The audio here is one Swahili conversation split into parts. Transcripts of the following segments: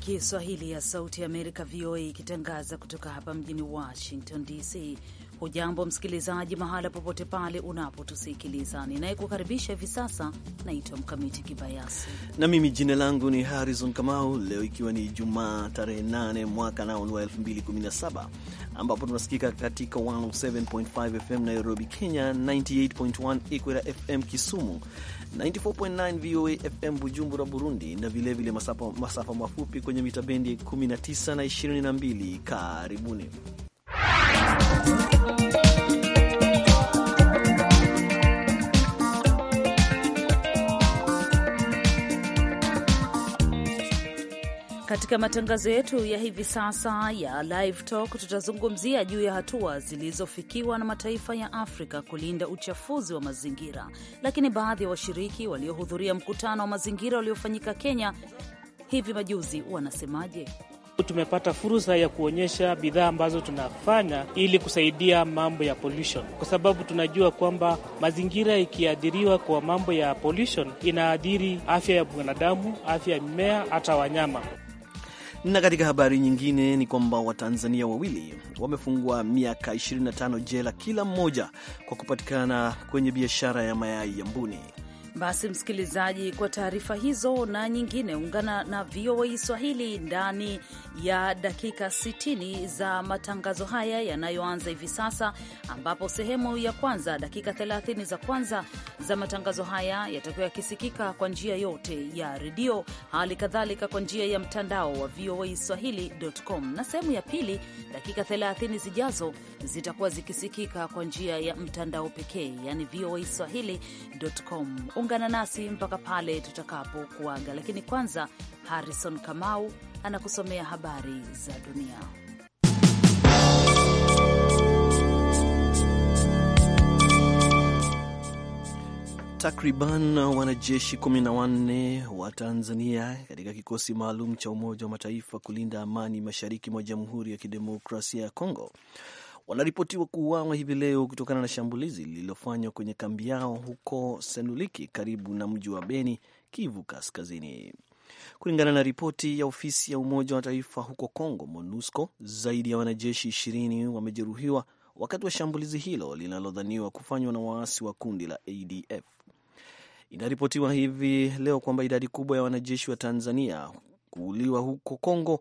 Kiswahili ya Sauti ya Amerika, VOA, ikitangaza kutoka hapa mjini Washington DC. Hujambo msikilizaji, mahala popote pale unapotusikiliza. Ninayekukaribisha hivi sasa naitwa Mkamiti Kibayasi na mimi jina langu ni Harrison Kamau. Leo ikiwa ni Jumaa tarehe 8 mwaka nao ni wa 2017 ambapo tunasikika katika 107.5 FM Nairobi, Kenya, 98.1 Ikwera FM Kisumu 94.9 VOA FM Bujumbura, Burundi, na vilevile masafa, masafa mafupi kwenye mita bendi 19 na 22. Karibuni Katika matangazo yetu ya hivi sasa ya Live Talk tutazungumzia juu ya hatua zilizofikiwa na mataifa ya Afrika kulinda uchafuzi wa mazingira, lakini baadhi ya wa washiriki waliohudhuria mkutano wa mazingira uliofanyika Kenya hivi majuzi wanasemaje? Tumepata fursa ya kuonyesha bidhaa ambazo tunafanya ili kusaidia mambo ya pollution, kwa sababu tunajua kwamba mazingira ikiadhiriwa kwa mambo ya pollution inaadhiri afya ya mwanadamu, afya ya mimea, hata wanyama. Na katika habari nyingine ni kwamba Watanzania wawili wamefungwa miaka 25 jela kila mmoja kwa kupatikana kwenye biashara ya mayai ya mbuni. Basi msikilizaji, kwa taarifa hizo na nyingine, ungana na VOA Swahili ndani ya dakika 60 za matangazo haya yanayoanza hivi sasa, ambapo sehemu ya kwanza, dakika 30 za kwanza za matangazo haya yatakuwa yakisikika kwa njia yote ya redio, hali kadhalika kwa njia ya mtandao wa VOA Swahili.com, na sehemu ya pili, dakika 30 zijazo zitakuwa zikisikika kwa njia ya mtandao pekee, yani VOA Swahili.com. Ungana nasi mpaka pale tutakapokuaga, lakini kwanza Harrison Kamau anakusomea habari za dunia. Takriban wanajeshi kumi na wanne wa Tanzania katika kikosi maalum cha Umoja wa Mataifa kulinda amani mashariki mwa Jamhuri ya Kidemokrasia ya Kongo wanaripotiwa kuuawa hivi leo kutokana na shambulizi lililofanywa kwenye kambi yao huko Senuliki karibu na mji wa Beni, Kivu Kaskazini. Kulingana na ripoti ya ofisi ya Umoja wa Mataifa huko Congo, MONUSCO, zaidi ya wanajeshi ishirini wamejeruhiwa wakati wa shambulizi hilo linalodhaniwa kufanywa na waasi wa kundi la ADF. Inaripotiwa hivi leo kwamba idadi kubwa ya wanajeshi wa Tanzania kuuliwa huko Congo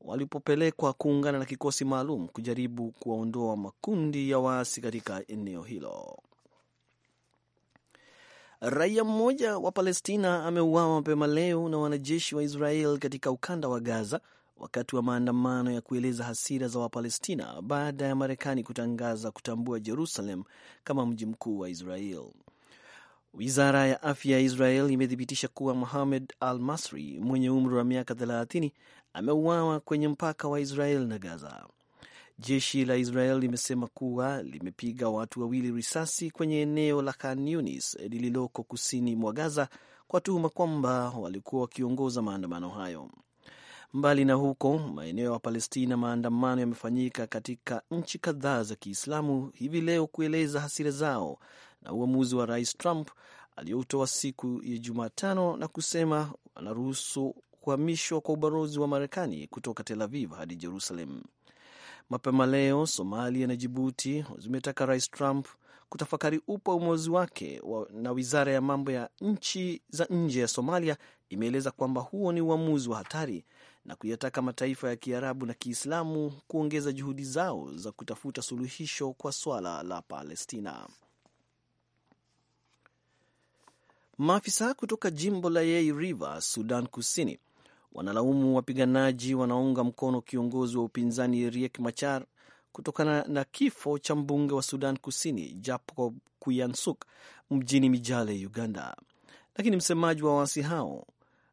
walipopelekwa kuungana na kikosi maalum kujaribu kuwaondoa makundi ya waasi katika eneo hilo. Raia mmoja wa Palestina ameuawa mapema leo na wanajeshi wa Israel katika ukanda wa Gaza wakati wa maandamano ya kueleza hasira za Wapalestina baada ya Marekani kutangaza kutambua Jerusalem kama mji mkuu wa Israel. Wizara ya afya ya Israel imethibitisha kuwa muhamed Al Masri mwenye umri wa miaka 30 ameuawa kwenye mpaka wa Israel na Gaza. Jeshi la Israel limesema kuwa limepiga watu wawili risasi kwenye eneo la Khan Yunis lililoko kusini mwa Gaza kwa tuhuma kwamba walikuwa wakiongoza maandamano hayo. Mbali na huko, maeneo ya Palestina, maandamano yamefanyika katika nchi kadhaa za Kiislamu hivi leo kueleza hasira zao na uamuzi wa Rais Trump aliyoutoa siku ya Jumatano na kusema anaruhusu kuhamishwa kwa ubalozi wa Marekani kutoka Tel Aviv hadi Jerusalem. Mapema leo Somalia na Jibuti zimetaka Rais Trump kutafakari upa uamuzi wake wa, na wizara ya mambo ya nchi za nje ya Somalia imeeleza kwamba huo ni uamuzi wa hatari na kuyataka mataifa ya Kiarabu na Kiislamu kuongeza juhudi zao za kutafuta suluhisho kwa swala la Palestina. Maafisa kutoka jimbo la Yei River, Sudan Kusini, wanalaumu wapiganaji wanaunga mkono kiongozi wa upinzani Riek Machar kutokana na kifo cha mbunge wa Sudan Kusini Jacob Kuyansuk mjini Mijale, Uganda, lakini msemaji wa waasi hao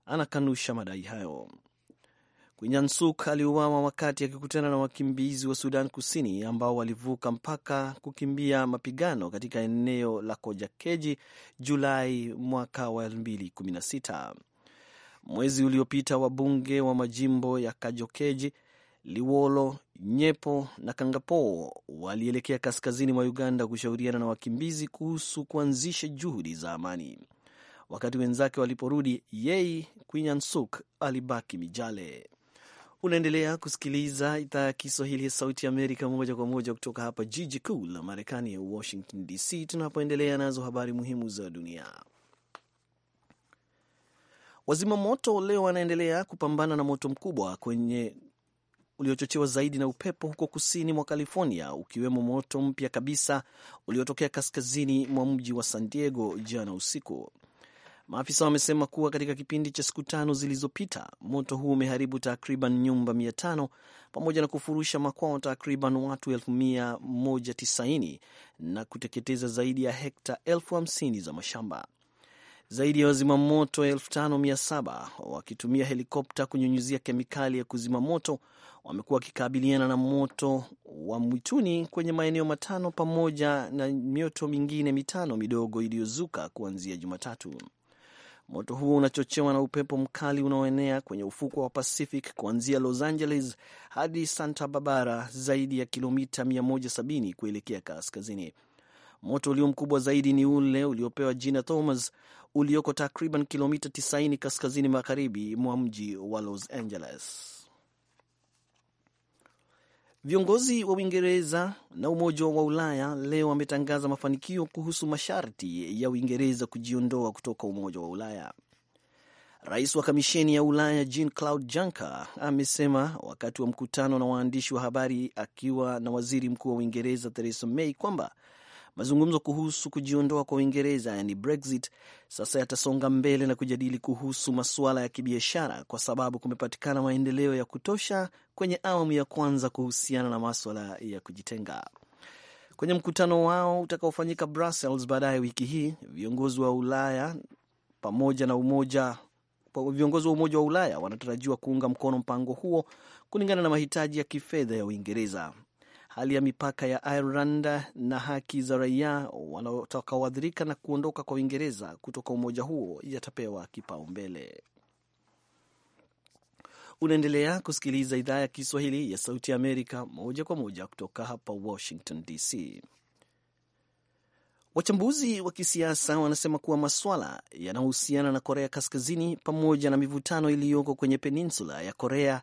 anakanusha madai hayo. Kuyansuk aliuawa wakati akikutana na wakimbizi wa Sudan Kusini ambao walivuka mpaka kukimbia mapigano katika eneo la Kojakeji Julai mwaka wa 2016. Mwezi uliopita wabunge wa majimbo ya Kajokeji, Liwolo, Nyepo na Kangapoo walielekea kaskazini mwa Uganda kushauriana na wakimbizi kuhusu kuanzisha juhudi za amani. Wakati wenzake waliporudi, Yei Kwinyansuk alibaki Mijale. Unaendelea kusikiliza idhaa ya Kiswahili ya Sauti Amerika moja kwa moja kutoka hapa jiji kuu la Marekani, Washington DC, tunapoendelea nazo habari muhimu za dunia. Wazima moto leo wanaendelea kupambana na moto mkubwa kwenye uliochochewa zaidi na upepo huko kusini mwa California, ukiwemo moto mpya kabisa uliotokea kaskazini mwa mji wa San Diego jana usiku. Maafisa wamesema kuwa katika kipindi cha siku tano zilizopita moto huu umeharibu takriban nyumba mia tano pamoja na kufurusha makwao takriban watu elfu mia moja tisaini na kuteketeza zaidi ya hekta elfu hamsini za mashamba. Zaidi ya wazima moto 5700 wakitumia helikopta kunyunyizia kemikali ya kuzima moto wamekuwa wakikabiliana na moto wa mwituni kwenye maeneo matano pamoja na mioto mingine mitano midogo iliyozuka kuanzia Jumatatu. Moto huo unachochewa na upepo mkali unaoenea kwenye ufukwa wa Pacific kuanzia Los Angeles hadi Santa Barbara, zaidi ya kilomita 170 kuelekea kaskazini. Moto ulio mkubwa zaidi ni ule uliopewa jina Thomas ulioko takriban kilomita 90 kaskazini magharibi mwa mji wa Los Angeles. Viongozi wa Uingereza na Umoja wa Ulaya leo wametangaza mafanikio kuhusu masharti ya Uingereza kujiondoa kutoka Umoja wa Ulaya. Rais wa Kamisheni ya Ulaya Jean Claude Juncker amesema wakati wa mkutano na waandishi wa habari akiwa na Waziri Mkuu wa Uingereza Theresa May kwamba Mazungumzo kuhusu kujiondoa kwa Uingereza yani Brexit sasa yatasonga mbele na kujadili kuhusu masuala ya kibiashara, kwa sababu kumepatikana maendeleo ya kutosha kwenye awamu ya kwanza kuhusiana na maswala ya kujitenga. Kwenye mkutano wao utakaofanyika Brussels baadaye wiki hii, viongozi wa Ulaya pamoja na umoja viongozi wa Umoja wa Ulaya wanatarajiwa kuunga mkono mpango huo kulingana na mahitaji ya kifedha ya Uingereza hali ya mipaka ya Ireland na haki za raia watakaoathirika na kuondoka kwa Uingereza kutoka umoja huo yatapewa kipaumbele. Unaendelea kusikiliza idhaa ya Kiswahili ya Sauti ya Amerika moja kwa moja kutoka hapa Washington DC. Wachambuzi wa kisiasa wanasema kuwa maswala yanayohusiana na Korea Kaskazini pamoja na mivutano iliyoko kwenye peninsula ya Korea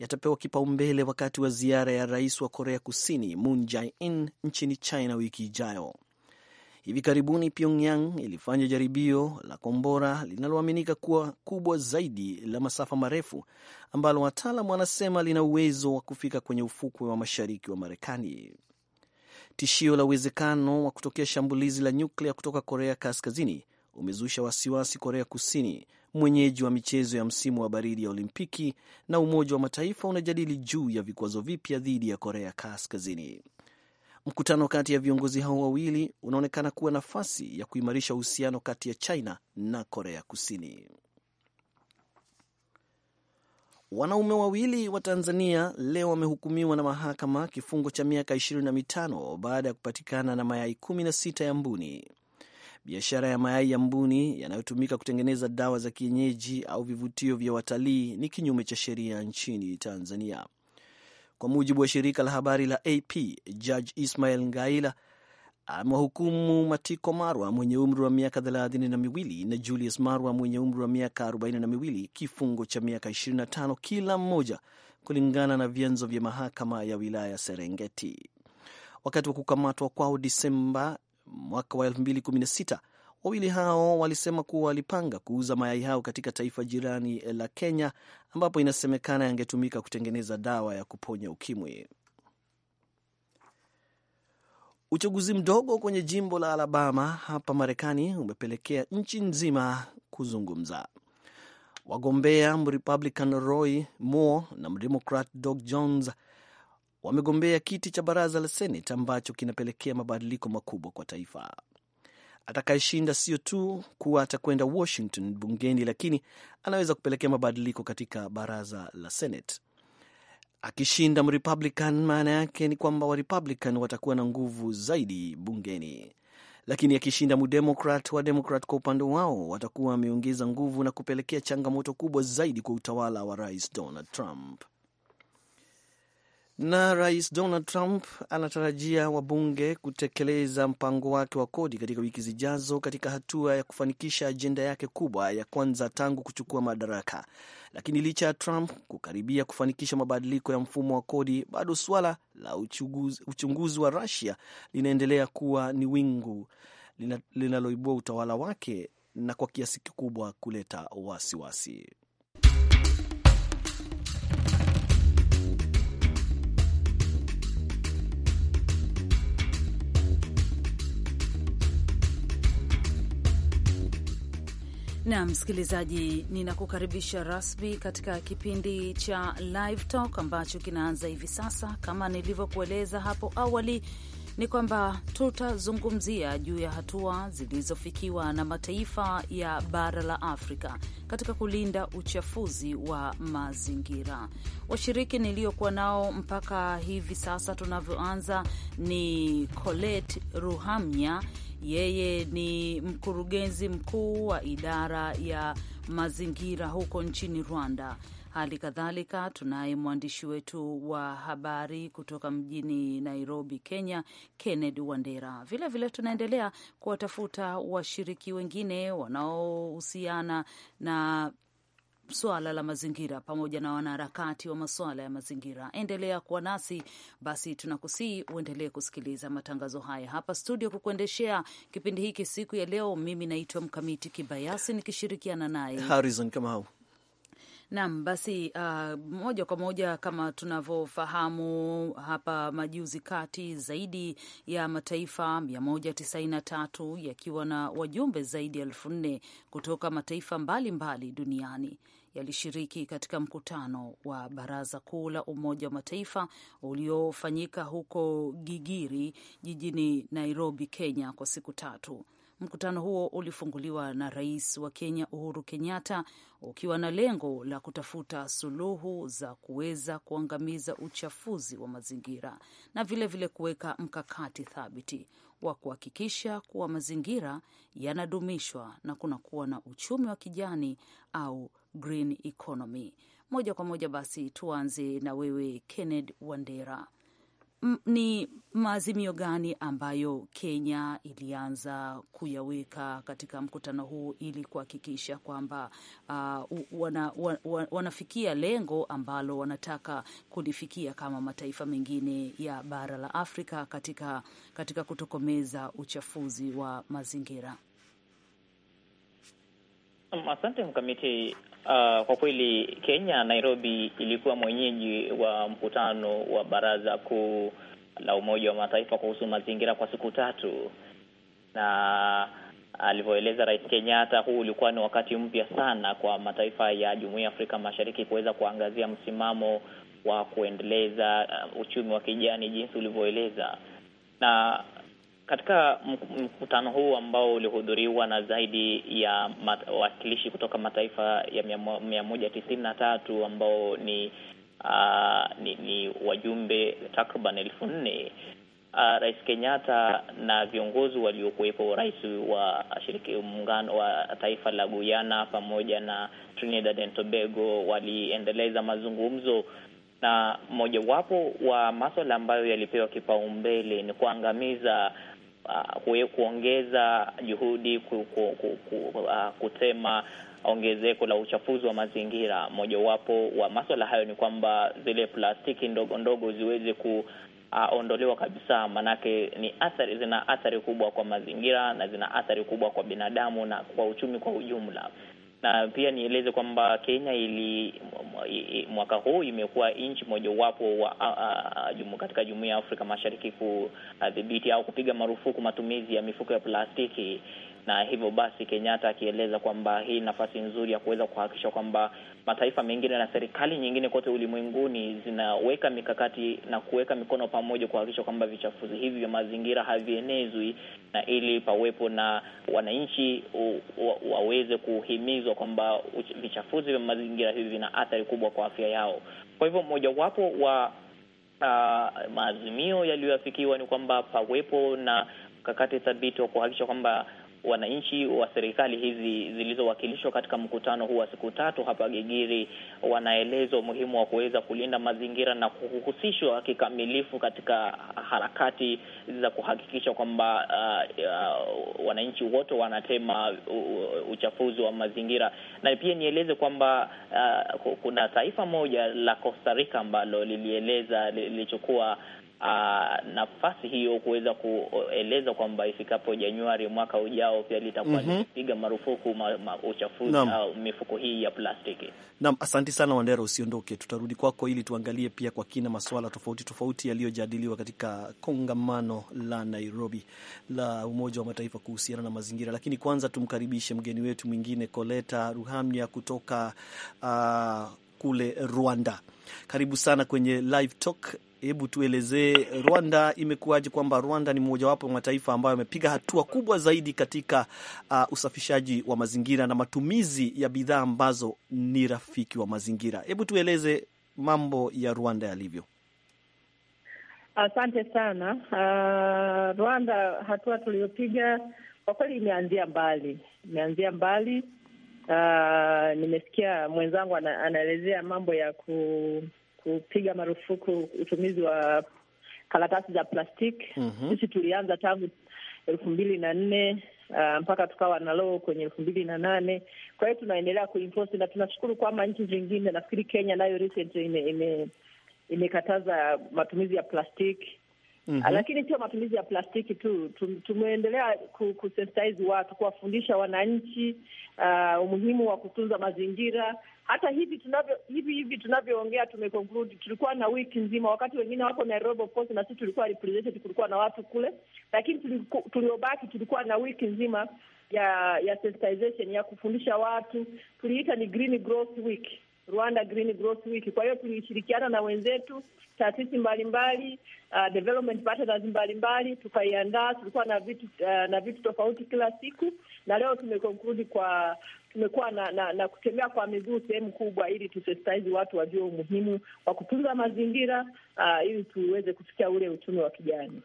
yatapewa kipaumbele wakati wa ziara ya rais wa Korea Kusini Moon Jae-in nchini China wiki ijayo. Hivi karibuni Pyongyang ilifanya jaribio la kombora linaloaminika kuwa kubwa zaidi la masafa marefu ambalo wataalam wanasema lina uwezo wa kufika kwenye ufukwe wa mashariki wa Marekani. Tishio la uwezekano wa kutokea shambulizi la nyuklia kutoka Korea Kaskazini umezusha wasiwasi Korea Kusini mwenyeji wa michezo ya msimu wa baridi ya Olimpiki, na Umoja wa Mataifa unajadili juu ya vikwazo vipya dhidi ya Korea Kaskazini. Mkutano kati ya viongozi hao wawili unaonekana kuwa nafasi ya kuimarisha uhusiano kati ya China na Korea Kusini. Wanaume wawili wa Tanzania leo wamehukumiwa na mahakama kifungo cha miaka ishirini na mitano baada ya kupatikana na mayai kumi na sita ya mbuni. Biashara ya mayai ya mbuni yanayotumika kutengeneza dawa za kienyeji au vivutio vya watalii ni kinyume cha sheria nchini Tanzania. Kwa mujibu wa shirika la habari la AP, Judge ismael Ngaila amewahukumu Matiko Marwa mwenye umri wa miaka thelathini na miwili na Julius Marwa mwenye umri wa miaka arobaini na miwili kifungo cha miaka 25 kila mmoja, kulingana na vyanzo vya mahakama ya wilaya Serengeti. Wakati wa kukamatwa kwao Disemba mwaka wa 2016. Wawili hao walisema kuwa walipanga kuuza mayai hao katika taifa jirani la Kenya, ambapo inasemekana yangetumika kutengeneza dawa ya kuponya ukimwi. Uchaguzi mdogo kwenye jimbo la Alabama hapa Marekani umepelekea nchi nzima kuzungumza. Wagombea Mrepublican Roy Moore na Mdemokrat Doug Jones wamegombea kiti cha baraza la senate ambacho kinapelekea mabadiliko makubwa kwa taifa. Atakayeshinda sio tu kuwa atakwenda Washington bungeni, lakini anaweza kupelekea mabadiliko katika baraza la Senate. Akishinda Mrepublican, maana yake ni kwamba Warepublican watakuwa na nguvu zaidi bungeni, lakini akishinda Mdemokrat, Wademokrat kwa upande wao watakuwa wameongeza nguvu na kupelekea changamoto kubwa zaidi kwa utawala wa Rais Donald Trump. Na Rais Donald Trump anatarajia wabunge kutekeleza mpango wake wa kodi katika wiki zijazo, katika hatua ya kufanikisha ajenda yake kubwa ya kwanza tangu kuchukua madaraka. Lakini licha ya Trump kukaribia kufanikisha mabadiliko ya mfumo wa kodi, bado suala la uchunguzi, uchunguzi wa Russia linaendelea kuwa ni wingu linaloibua utawala wake na kwa kiasi kikubwa kuleta wasiwasi wasi. Na msikilizaji, ninakukaribisha rasmi katika kipindi cha Live Talk ambacho kinaanza hivi sasa. Kama nilivyokueleza hapo awali, ni kwamba tutazungumzia juu ya hatua zilizofikiwa na mataifa ya bara la Afrika katika kulinda uchafuzi wa mazingira. Washiriki niliyokuwa nao mpaka hivi sasa tunavyoanza ni Colette Ruhamya yeye ni mkurugenzi mkuu wa idara ya mazingira huko nchini Rwanda. Hali kadhalika tunaye mwandishi wetu wa habari kutoka mjini Nairobi, Kenya, Kennedy Wandera. Vilevile tunaendelea kuwatafuta washiriki wengine wanaohusiana na swala la mazingira pamoja na wanaharakati wa masuala ya mazingira. Endelea kuwa nasi basi, tunakusii uendelee kusikiliza matangazo haya hapa studio. Kukuendeshea kipindi hiki siku ya leo, mimi naitwa Mkamiti Kibayasi nikishirikiana naye Harrison Kamau. Nam basi uh, moja kwa moja kama tunavyofahamu hapa, majuzi kati zaidi ya mataifa tatu yakiwa na wajumbe zaidi ya elfu nne kutoka mataifa mbalimbali mbali duniani yalishiriki katika mkutano wa Baraza Kuu la Umoja wa Mataifa uliofanyika huko Gigiri jijini Nairobi, Kenya kwa siku tatu. Mkutano huo ulifunguliwa na rais wa Kenya Uhuru Kenyatta ukiwa na lengo la kutafuta suluhu za kuweza kuangamiza uchafuzi wa mazingira na vilevile kuweka mkakati thabiti wa kuhakikisha kuwa mazingira yanadumishwa na kunakuwa na uchumi wa kijani au green economy. Moja kwa moja basi tuanze na wewe Kenneth Wandera ni maazimio gani ambayo Kenya ilianza kuyaweka katika mkutano huu ili kuhakikisha kwamba uh, wana, wana, wanafikia lengo ambalo wanataka kulifikia kama mataifa mengine ya bara la Afrika katika, katika kutokomeza uchafuzi wa mazingira? Asante mkamiti. Uh, kwa kweli Kenya Nairobi ilikuwa mwenyeji wa mkutano wa Baraza Kuu la Umoja wa Mataifa kuhusu mazingira kwa siku tatu, na alivyoeleza Rais Kenyatta, huu ulikuwa ni wakati mpya sana kwa mataifa ya Jumuiya ya Afrika Mashariki kuweza kuangazia msimamo wa kuendeleza uh, uchumi wa kijani jinsi ulivyoeleza na katika mkutano huu ambao ulihudhuriwa na zaidi ya wakilishi kutoka mataifa ya mia moja tisini na tatu ambao ni, uh, ni ni wajumbe takriban elfu nne uh, Rais Kenyatta na viongozi waliokuwepo, rais wa shiriki muungano wa taifa la Guyana pamoja na Trinidad and Tobago waliendeleza mazungumzo na mojawapo wa maswala ambayo yalipewa kipaumbele ni kuangamiza uh, kuongeza juhudi ku, ku, ku, ku, uh, kusema ongezeko la uchafuzi wa mazingira. Mojawapo wa maswala hayo ni kwamba zile plastiki ndogo ndogo ziweze kuondolewa uh, kabisa, manake ni athari, zina athari kubwa kwa mazingira na zina athari kubwa kwa binadamu na kwa uchumi kwa ujumla na pia nieleze kwamba Kenya ili mwaka huu imekuwa nchi mojawapo wa katika jumuiya ya Afrika Mashariki kudhibiti au kupiga marufuku matumizi ya mifuko ya plastiki na hivyo basi Kenyatta akieleza kwamba hii nafasi nzuri ya kuweza kuhakikisha kwamba mataifa mengine na serikali nyingine kote ulimwenguni zinaweka mikakati na kuweka mikono pamoja kuhakikisha kwamba vichafuzi hivi vya mazingira havienezwi, na ili pawepo na wananchi waweze kuhimizwa kwamba vichafuzi vya mazingira hivi vina athari kubwa kwa afya yao. Kwa hivyo mojawapo wa uh, maazimio yaliyoafikiwa ni kwamba pawepo na mkakati thabiti wa kuhakikisha kwamba wananchi wa serikali hizi zilizowakilishwa katika mkutano huu wa siku tatu hapa Gigiri wanaeleza umuhimu wa kuweza kulinda mazingira na kuhusishwa kikamilifu katika harakati za kuhakikisha kwamba uh, uh, wananchi wote wanatema uchafuzi wa mazingira. Na pia nieleze kwamba uh, kuna taifa moja la Costa Rica ambalo lilieleza lilichukua Ah, nafasi hiyo kuweza kueleza kwamba ifikapo Januari mwaka ujao pia litakuwa mm -hmm. marufuku ma, ma, uchafuzi au mifuko hii ya plastiki. Naam, asante sana Wandera, usiondoke, tutarudi kwako ili tuangalie pia kwa kina masuala tofauti tofauti yaliyojadiliwa katika kongamano la Nairobi la Umoja wa Mataifa kuhusiana na mazingira, lakini kwanza tumkaribishe mgeni wetu mwingine Koleta Ruhamia kutoka uh, kule Rwanda. Karibu sana kwenye Live Talk hebu tuelezee Rwanda imekuwaje, kwamba Rwanda ni mmojawapo wa mataifa ambayo yamepiga hatua kubwa zaidi katika uh, usafishaji wa mazingira na matumizi ya bidhaa ambazo ni rafiki wa mazingira. Hebu tueleze mambo ya Rwanda yalivyo. Asante sana. Uh, Rwanda hatua tuliyopiga kwa kweli imeanzia mbali, imeanzia mbali. Uh, nimesikia mwenzangu ana, anaelezea mambo ya ku kupiga marufuku utumizi wa karatasi za plastiki. mm -hmm. Sisi tulianza tangu elfu mbili na nne uh, mpaka tukawa na loo kwenye elfu mbili na nane Kwa hiyo tunaendelea ku na tunashukuru kwamba nchi zingine, nafikiri Kenya nayo imekataza ime- imekataza matumizi ya plastiki mm -hmm. Lakini sio matumizi ya plastiki tu, tumeendelea kusensitize watu, kuwafundisha wananchi uh, umuhimu wa kutunza mazingira. Hata hivi tunavyo hivi hivi tunavyoongea, tumeconclude tulikuwa na wiki nzima, wakati wengine wako Nairobi of course, na sisi tulikuwa represented, kulikuwa na watu kule, lakini tuliobaki tulikuwa na wiki nzima ya ya sensitization, ya kufundisha watu, tuliita ni Green Growth Week Rwanda Green Growth Week. Kwa hiyo tulishirikiana na wenzetu taasisi mbalimbali uh, development partners mbalimbali tukaiandaa. Tulikuwa na vitu uh, na vitu tofauti kila siku, na leo tumekonkludi kwa tumekuwa na, na, na kutembea kwa miguu sehemu kubwa, ili tusensitize watu wajue umuhimu wa kutunza mazingira uh, ili tuweze kufikia ule uchumi wa kijani.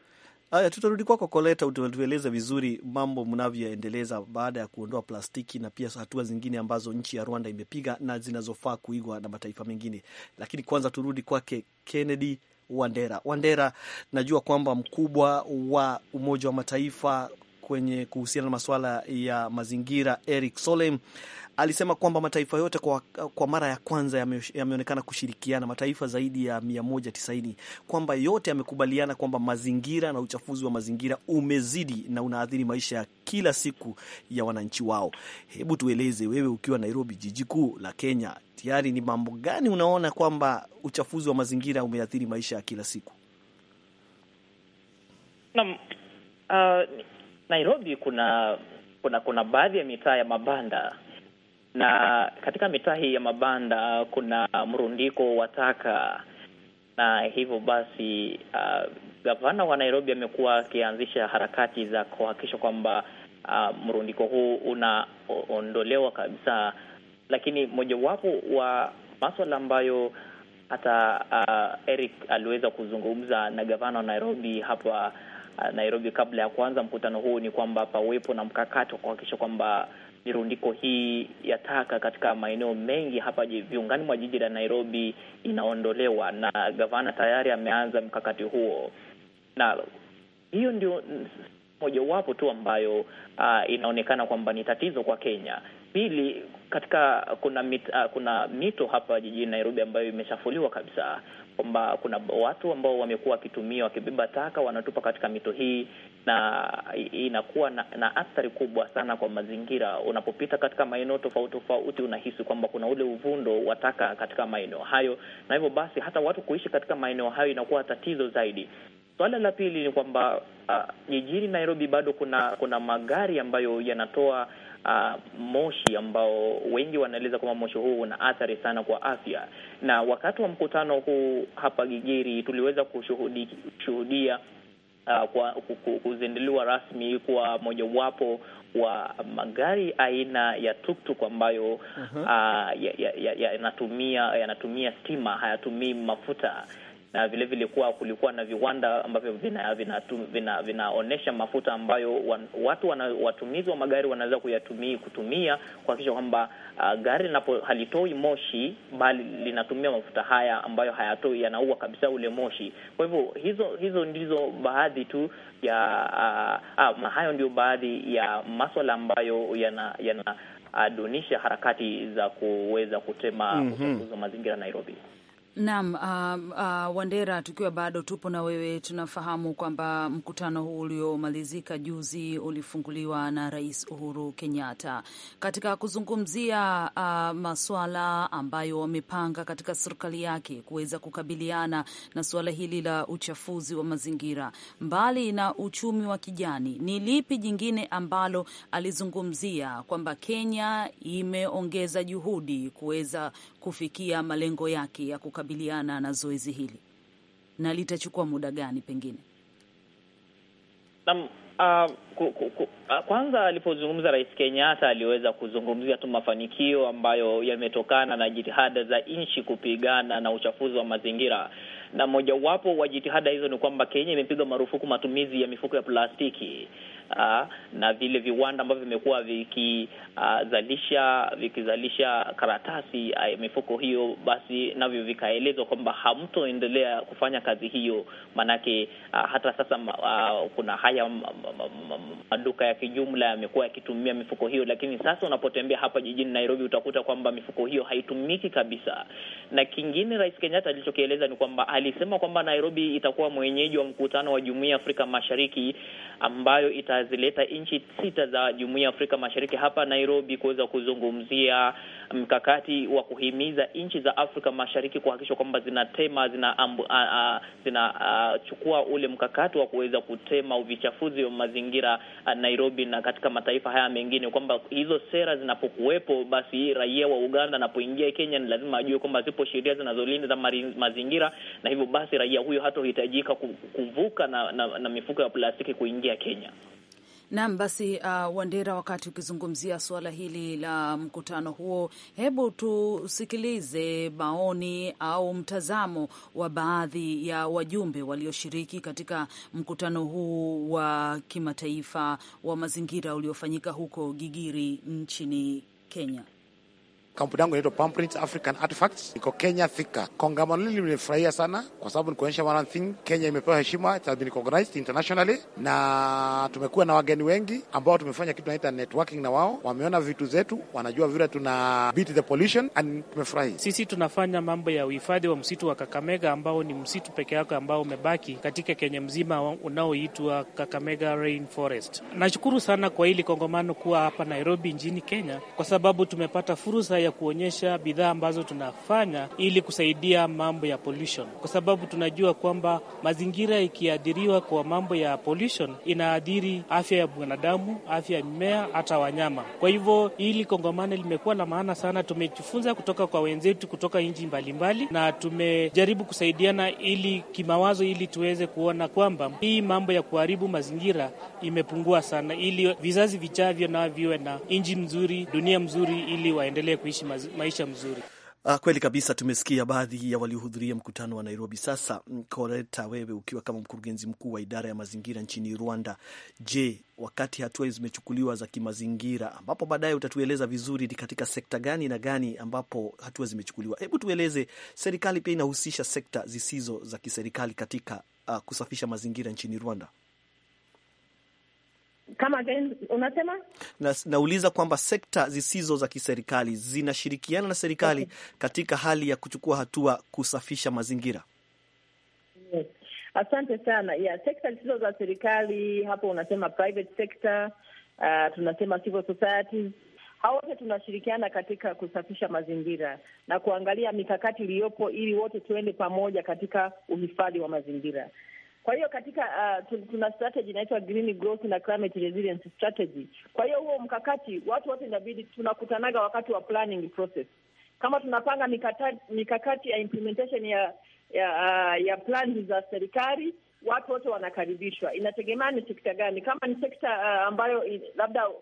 Haya, ah, tutarudi kwako Koleta, utueleze vizuri mambo mnavyoendeleza baada ya kuondoa plastiki na pia hatua zingine ambazo nchi ya Rwanda imepiga na zinazofaa kuigwa na mataifa mengine. Lakini kwanza turudi kwake Kennedy Wandera. Wandera, najua kwamba mkubwa wa Umoja wa Mataifa kwenye kuhusiana na masuala ya mazingira Eric Solem alisema kwamba mataifa yote kwa, kwa mara ya kwanza yameonekana yame kushirikiana, mataifa zaidi ya 190 kwamba yote yamekubaliana kwamba mazingira na uchafuzi wa mazingira umezidi na unaathiri maisha ya kila siku ya wananchi wao. Hebu tueleze wewe, ukiwa Nairobi, jiji kuu la Kenya, tayari ni mambo gani unaona kwamba uchafuzi wa mazingira umeathiri maisha ya kila siku? Na, uh, Nairobi kuna kuna kuna baadhi ya mitaa ya mabanda na katika mitaa hii ya mabanda kuna mrundiko wa taka, na hivyo basi uh, gavana wa Nairobi amekuwa akianzisha harakati za kuhakikisha kwamba uh, mrundiko huu unaondolewa kabisa, lakini mojawapo wa maswala ambayo hata uh, Eric aliweza kuzungumza na gavana wa Nairobi hapa uh, Nairobi kabla ya kuanza mkutano huu ni kwamba pawepo na mkakati wa kuhakikisha kwamba mirundiko hii ya taka katika maeneo mengi hapa viungani mwa jiji la Nairobi inaondolewa, na gavana tayari ameanza mkakati huo, na hiyo ndio mojawapo tu ambayo uh, inaonekana kwamba ni tatizo kwa Kenya. Pili, katika kuna mit, uh, kuna mito hapa jijini Nairobi ambayo imeshafuliwa kabisa, kwamba kuna watu ambao wamekuwa wakitumia wakibeba taka wanatupa katika mito hii, na inakuwa na, na athari kubwa sana kwa mazingira. Unapopita katika maeneo tofauti tofauti, unahisi kwamba kuna ule uvundo wa taka katika maeneo hayo, na hivyo basi hata watu kuishi katika maeneo hayo inakuwa tatizo zaidi. Swala la pili ni kwamba ah, jijini uh, Nairobi bado kuna kuna magari ambayo yanatoa uh, moshi ambao wengi wanaeleza kwamba moshi huu una athari sana kwa afya. Na wakati wa mkutano huu hapa Gigiri tuliweza kushuhudia uh, kuzinduliwa rasmi kwa mojawapo wa magari aina ya tuktuk ambayo mhm. uh -huh. uh, yanatumia ya, ya, ya yanatumia stima hayatumii mafuta na vile vile kuwa kulikuwa na viwanda ambavyo vinaonyesha vina, vina, vina mafuta ambayo wan, watu wana, watumizi wa magari wanaweza kuyatumia kutumia kuhakikisha kwamba uh, gari linapo halitoi moshi bali linatumia mafuta haya ambayo hayatoi yanaua kabisa ule moshi. Kwa hivyo hizo hizo ndizo baadhi tu ya uh, uh, hayo ndio baadhi ya maswala ambayo yana, yana adunisha harakati za kuweza kutema mm -hmm. uchafuzi wa mazingira Nairobi. Naam, uh, uh, Wandera, tukiwa bado tupo na wewe, tunafahamu kwamba mkutano huu uliomalizika juzi ulifunguliwa na Rais Uhuru Kenyatta katika kuzungumzia uh, ah, masuala ambayo wamepanga katika serikali yake kuweza kukabiliana na suala hili la uchafuzi wa mazingira. Mbali na uchumi wa kijani, ni lipi jingine ambalo alizungumzia kwamba Kenya imeongeza juhudi kuweza kufikia malengo yake ya kukabiliana na zoezi hili na litachukua muda gani pengine? Naam. Uh, ku, ku, ku, uh, kwanza alipozungumza Rais Kenyatta aliweza kuzungumzia tu mafanikio ambayo yametokana na jitihada za nchi kupigana na uchafuzi wa mazingira, na mojawapo wa jitihada hizo ni kwamba Kenya imepiga marufuku matumizi ya mifuko ya plastiki uh, na vile viwanda ambavyo vimekuwa vikizalisha uh, vikizalisha karatasi uh, mifuko hiyo, basi navyo vikaelezwa kwamba hamtoendelea kufanya kazi hiyo, maanake uh, ah, hata sasa uh, kuna haya maduka ya kijumla yamekuwa yakitumia mifuko hiyo, lakini sasa unapotembea hapa jijini Nairobi utakuta kwamba mifuko hiyo haitumiki kabisa. Na kingine Rais Kenyatta alichokieleza ni kwamba alisema kwamba Nairobi itakuwa mwenyeji wa mkutano wa Jumuiya ya Afrika Mashariki ambayo ita atazileta nchi sita za Jumuiya ya Afrika Mashariki hapa Nairobi kuweza kuzungumzia mkakati wa kuhimiza nchi za Afrika Mashariki kuhakikisha kwamba zinatema zinachukua zina, uh, ule mkakati wa kuweza kutema uvichafuzi wa mazingira uh, Nairobi na katika mataifa haya mengine, kwamba hizo sera zinapokuwepo, basi raia wa Uganda anapoingia Kenya ni lazima ajue kwamba zipo sheria zinazolinda za mazingira, na hivyo basi raia huyo hatohitajika kuvuka na, na, na mifuko ya plastiki kuingia Kenya. Naam, basi uh, Wandera, wakati ukizungumzia suala hili la mkutano huo, hebu tusikilize maoni au mtazamo wa baadhi ya wajumbe walioshiriki katika mkutano huu wa kimataifa wa mazingira uliofanyika huko Gigiri nchini Kenya. Kampuni yangu inaitwa Pamprint African Artifacts, iko Kenya, Thika. Kongamano hili limefurahia sana kwa sababu ni kuonyesha one thing, Kenya imepewa heshima, it has been recognized internationally, na tumekuwa na wageni wengi ambao tumefanya kitu naita networking na wao, wameona vitu zetu, wanajua vile tuna beat the pollution and tumefurahi. Sisi tunafanya mambo ya uhifadhi wa msitu wa Kakamega ambao ni msitu peke yake ambao umebaki katika Kenya mzima unaoitwa Kakamega Rainforest. Nashukuru sana kwa hili kongamano kuwa hapa Nairobi nchini Kenya kwa sababu tumepata fursa ya kuonyesha bidhaa ambazo tunafanya ili kusaidia mambo ya pollution, kwa sababu tunajua kwamba mazingira ikiadhiriwa kwa mambo ya pollution inaadhiri afya ya mwanadamu, afya ya mimea, hata wanyama. Kwa hivyo hili kongamano limekuwa la maana sana. Tumejifunza kutoka kwa wenzetu kutoka nchi mbalimbali, na tumejaribu kusaidiana ili kimawazo, ili tuweze kuona kwamba hii mambo ya kuharibu mazingira imepungua sana, ili vizazi vijavyo na viwe na nchi mzuri, dunia mzuri, ili waendelee kuishi kuishi maisha mzuri. Ah, kweli kabisa, tumesikia baadhi ya waliohudhuria mkutano wa Nairobi. Sasa mm, koreta wewe ukiwa kama mkurugenzi mkuu wa idara ya mazingira nchini Rwanda, je, wakati hatua zimechukuliwa za kimazingira, ambapo baadaye utatueleza vizuri ni katika sekta gani na gani ambapo hatua zimechukuliwa, hebu tueleze, serikali pia inahusisha sekta zisizo za kiserikali katika uh, kusafisha mazingira nchini Rwanda? Kama unasema na, nauliza kwamba sekta zisizo za kiserikali zinashirikiana na serikali okay, katika hali ya kuchukua hatua kusafisha mazingira yes. Asante sana yeah, sekta zisizo za serikali hapo unasema private sector, uh, tunasema civil societies hao wote tunashirikiana katika kusafisha mazingira na kuangalia mikakati iliyopo ili wote tuende pamoja katika uhifadhi wa mazingira. Kwa hiyo katika uh, tuna strategy inaitwa green growth na climate resilience strategy. Kwa hiyo huo mkakati, watu wote inabidi tunakutanaga wakati wa planning process, kama tunapanga mikakati, mikakati ya implementation ya ya, uh, ya plani za serikali, watu wote wanakaribishwa. Inategemea ni sekta gani, kama ni sekta uh, ambayo in, labda uh,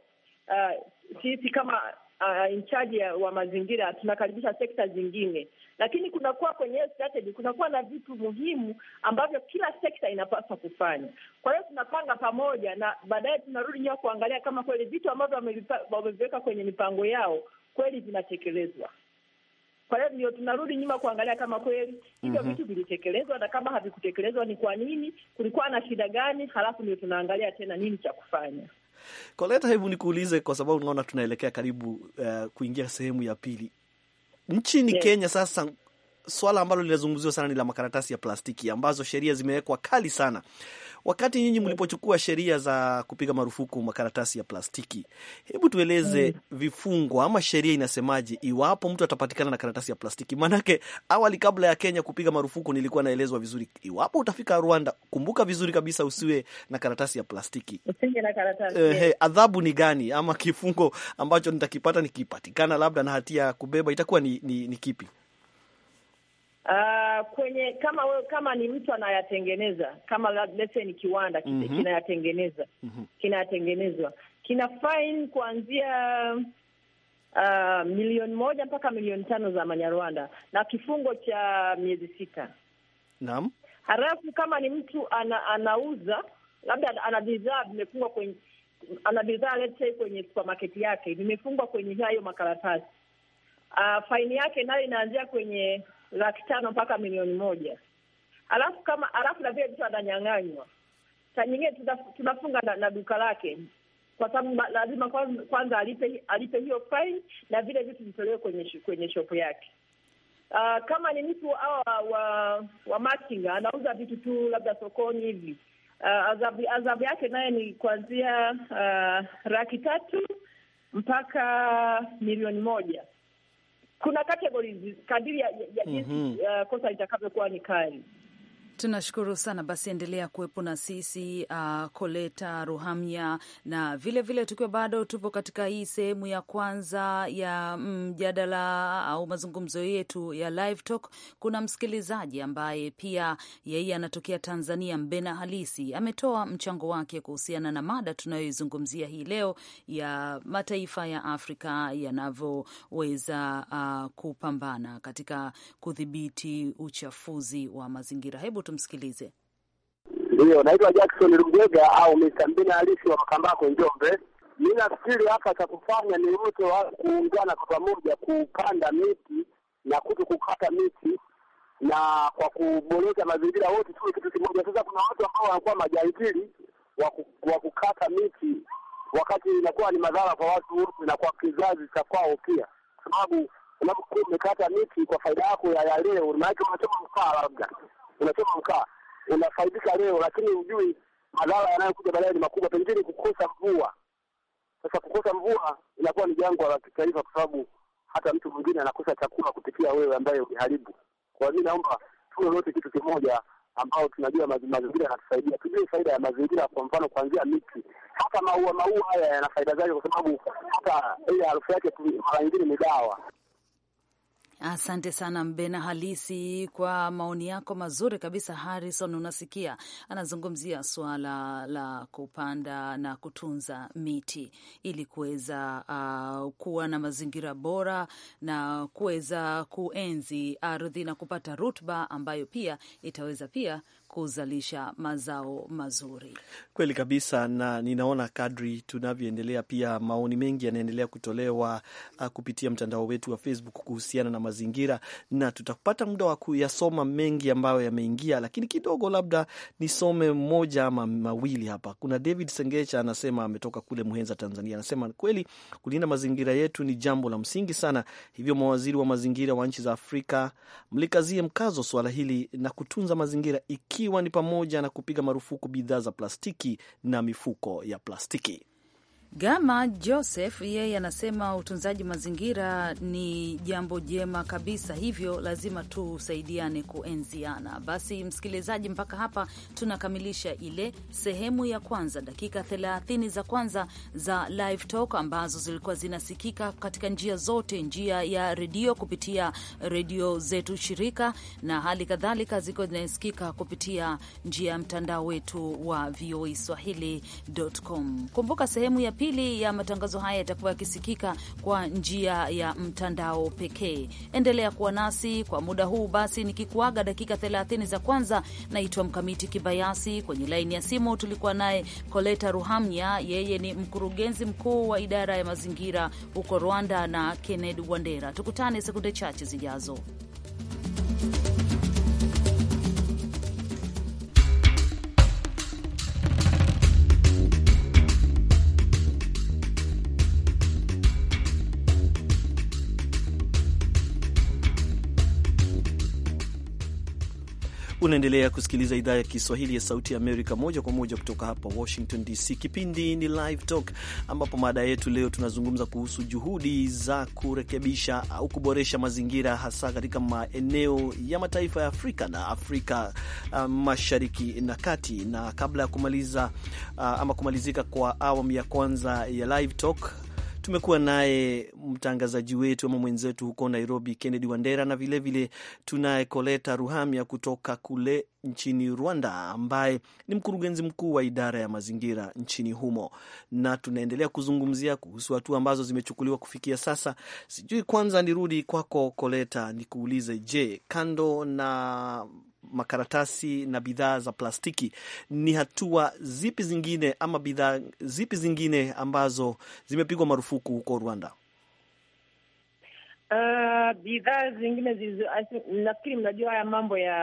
sisi kama uh, in charge wa mazingira, tunakaribisha sekta zingine, lakini kunakuwa kwenye hiyo strategy kunakuwa na vitu muhimu ambavyo kila sekta inapaswa kufanya. Kwa hiyo tunapanga pamoja, na baadaye tunarudi nyuma kuangalia kama kweli vitu ambavyo wameviweka kwenye mipango yao kweli vinatekelezwa. Kwa hiyo ndio tunarudi nyuma kuangalia kama kweli hivyo mm -hmm. vitu vilitekelezwa, na kama havikutekelezwa ni kwa nini, kulikuwa na shida gani, halafu ndio tunaangalia tena nini cha kufanya. Koleta, hebu nikuulize kwa sababu naona tunaelekea karibu uh, kuingia sehemu ya pili nchini yes. Kenya sasa swala ambalo linazungumziwa sana ni la makaratasi ya plastiki ambazo sheria zimewekwa kali sana. Wakati nyinyi mlipochukua sheria za kupiga marufuku makaratasi ya plastiki, hebu tueleze mm. vifungo ama sheria inasemaje iwapo mtu atapatikana na karatasi ya plastiki? Maanake awali kabla ya Kenya kupiga marufuku nilikuwa naelezwa vizuri, iwapo utafika Rwanda, kumbuka vizuri kabisa usiwe na karatasi ya plastiki. Eh, adhabu ni gani ama kifungo ambacho nitakipata nikipatikana labda na hatia ya kubeba itakuwa ni, ni, ni kipi? Uh, kwenye kama kama ni mtu anayatengeneza kama let's ni kiwanda mm -hmm. kinayatengeneza mm -hmm. kinayatengenezwa kina fine kuanzia uh, ah, milioni moja mpaka milioni tano za Manyarwanda na kifungo cha miezi sita. Naam. Halafu kama ni mtu ana, anauza labda ana bidhaa vimefungwa kwenye ana bidhaa let's say kwenye supermarket yake vimefungwa kwenye hayo makaratasi uh, ah, faini yake nayo inaanzia kwenye laki tano mpaka milioni moja alafu kama alafu na vile vitu ananyang'anywa, saa nyingine tunafunga na, na duka lake kwa sababu lazima kwanza alipe alipe hiyo fine na vile vitu vitolewe kwenye kwenye shopu yake. Uh, kama ni mtu awa wa wa machinga anauza vitu tu labda sokoni hivi uh, ah, adhabu yake naye ni kuanzia uh, laki tatu mpaka milioni moja kuna categories kadiri ya, ya, ya, mm -hmm. uh, kosa itakavyokuwa ni kali. Tunashukuru sana basi, endelea kuwepo na sisi uh, Koleta Ruhamya, na vilevile vile tukiwa bado tupo katika hii sehemu ya kwanza ya mm, mjadala mm, au mazungumzo yetu ya live talk. Kuna msikilizaji ambaye pia yeye anatokea Tanzania, Mbena Halisi, ametoa mchango wake kuhusiana na mada tunayoizungumzia hii leo ya mataifa ya Afrika yanavyoweza uh, kupambana katika kudhibiti uchafuzi wa mazingira. Hebu tumsikilize. Ndiyo, naitwa Jackson Rugega au Mr. Mbina halisi wa Makambako, Njombe. Mi nafikiri hapa cha kufanya ni wote wa kuungana kwa pamoja kupanda miti na kuto kukata miti na kwa kuboresha mazingira, wote tu kitu kimoja. Sasa kuna watu ambao wanakuwa majangili wa kukata miti, wakati inakuwa ni madhara kwa watu wote na kwa kizazi cha kwao pia, kwa sababu unapokuwa umekata miti kwa faida yako ya leo, maanake unachoma mkaa labda unasema mkaa unafaidika leo, lakini hujui madhara yanayokuja baadaye ni makubwa, pengine kukosa mvua. Sasa kukosa mvua inakuwa ni jangwa la kitaifa, kwa sababu hata mtu mwingine anakosa chakula kupitia wewe ambaye umeharibu. Kwa hiyo naomba tuwe wote kitu kimoja, ambao tunajua mazingira yanatusaidia, tujue faida ya mazingira. Kwa mfano, kuanzia miti, hata maua. Maua haya yana faida zake, kwa sababu hata ile harufu yake mara nyingine ni dawa. Asante sana Mbena Halisi kwa maoni yako mazuri kabisa. Harrison, unasikia anazungumzia suala la kupanda na kutunza miti ili kuweza uh, kuwa na mazingira bora na kuweza kuenzi ardhi na kupata rutba ambayo pia itaweza pia kuzalisha mazao mazuri. Kweli kabisa, na ninaona kadri tunavyoendelea pia maoni mengi yanaendelea kutolewa uh, kupitia mtandao wetu wa Facebook kuhusiana na mazingira, na tutapata muda wa kuyasoma mengi ambayo yameingia, lakini kidogo labda nisome moja ama mawili hapa. Kuna David Sengecha anasema, ametoka kule Muheza, Tanzania, anasema kweli kulinda mazingira yetu ni jambo la msingi sana, hivyo mawaziri wa mazingira wa nchi za Afrika mlikazie mkazo swala hili na kutunza mazingira iki ikiwa ni pamoja na kupiga marufuku bidhaa za plastiki na mifuko ya plastiki. Gama Joseph yeye anasema utunzaji mazingira ni jambo jema kabisa, hivyo lazima tusaidiane kuenziana. Basi msikilizaji, mpaka hapa tunakamilisha ile sehemu ya kwanza, dakika 30 za kwanza za live talk ambazo zilikuwa zinasikika katika njia zote, njia ya redio kupitia redio zetu shirika, na hali kadhalika zilikuwa zinasikika kupitia njia ya mtandao wetu wa Swahili.com. Kumbuka sehemu ya pili ya matangazo haya yatakuwa yakisikika kwa njia ya mtandao pekee. Endelea kuwa nasi kwa muda huu. Basi nikikuaga dakika 30 za kwanza, naitwa Mkamiti Kibayasi. Kwenye laini ya simu tulikuwa naye Koleta Ruhamya, yeye ni mkurugenzi mkuu wa idara ya mazingira huko Rwanda, na Kennedy Wandera. Tukutane sekunde chache zijazo. Unaendelea kusikiliza idhaa ya Kiswahili ya Sauti ya Amerika moja kwa moja kutoka hapa Washington DC. Kipindi ni Live Talk, ambapo mada yetu leo tunazungumza kuhusu juhudi za kurekebisha au kuboresha mazingira, hasa katika maeneo ya mataifa ya Afrika na Afrika uh, Mashariki na Kati. Na kabla ya kumaliza uh, ama kumalizika kwa awamu ya kwanza ya Live Talk, Tumekuwa naye mtangazaji wetu ama mwenzetu huko Nairobi, Kennedy Wandera, na vilevile tunaye Koleta Ruhamia kutoka kule nchini Rwanda, ambaye ni mkurugenzi mkuu wa idara ya mazingira nchini humo, na tunaendelea kuzungumzia kuhusu hatua ambazo zimechukuliwa kufikia sasa. Sijui kwanza nirudi kwako Koleta nikuulize, je, kando na makaratasi na bidhaa za plastiki, ni hatua zipi zingine ama bidhaa zipi zingine ambazo zimepigwa marufuku huko Rwanda? Uh, bidhaa zingine zilizo, nafikiri mnajua haya mambo ya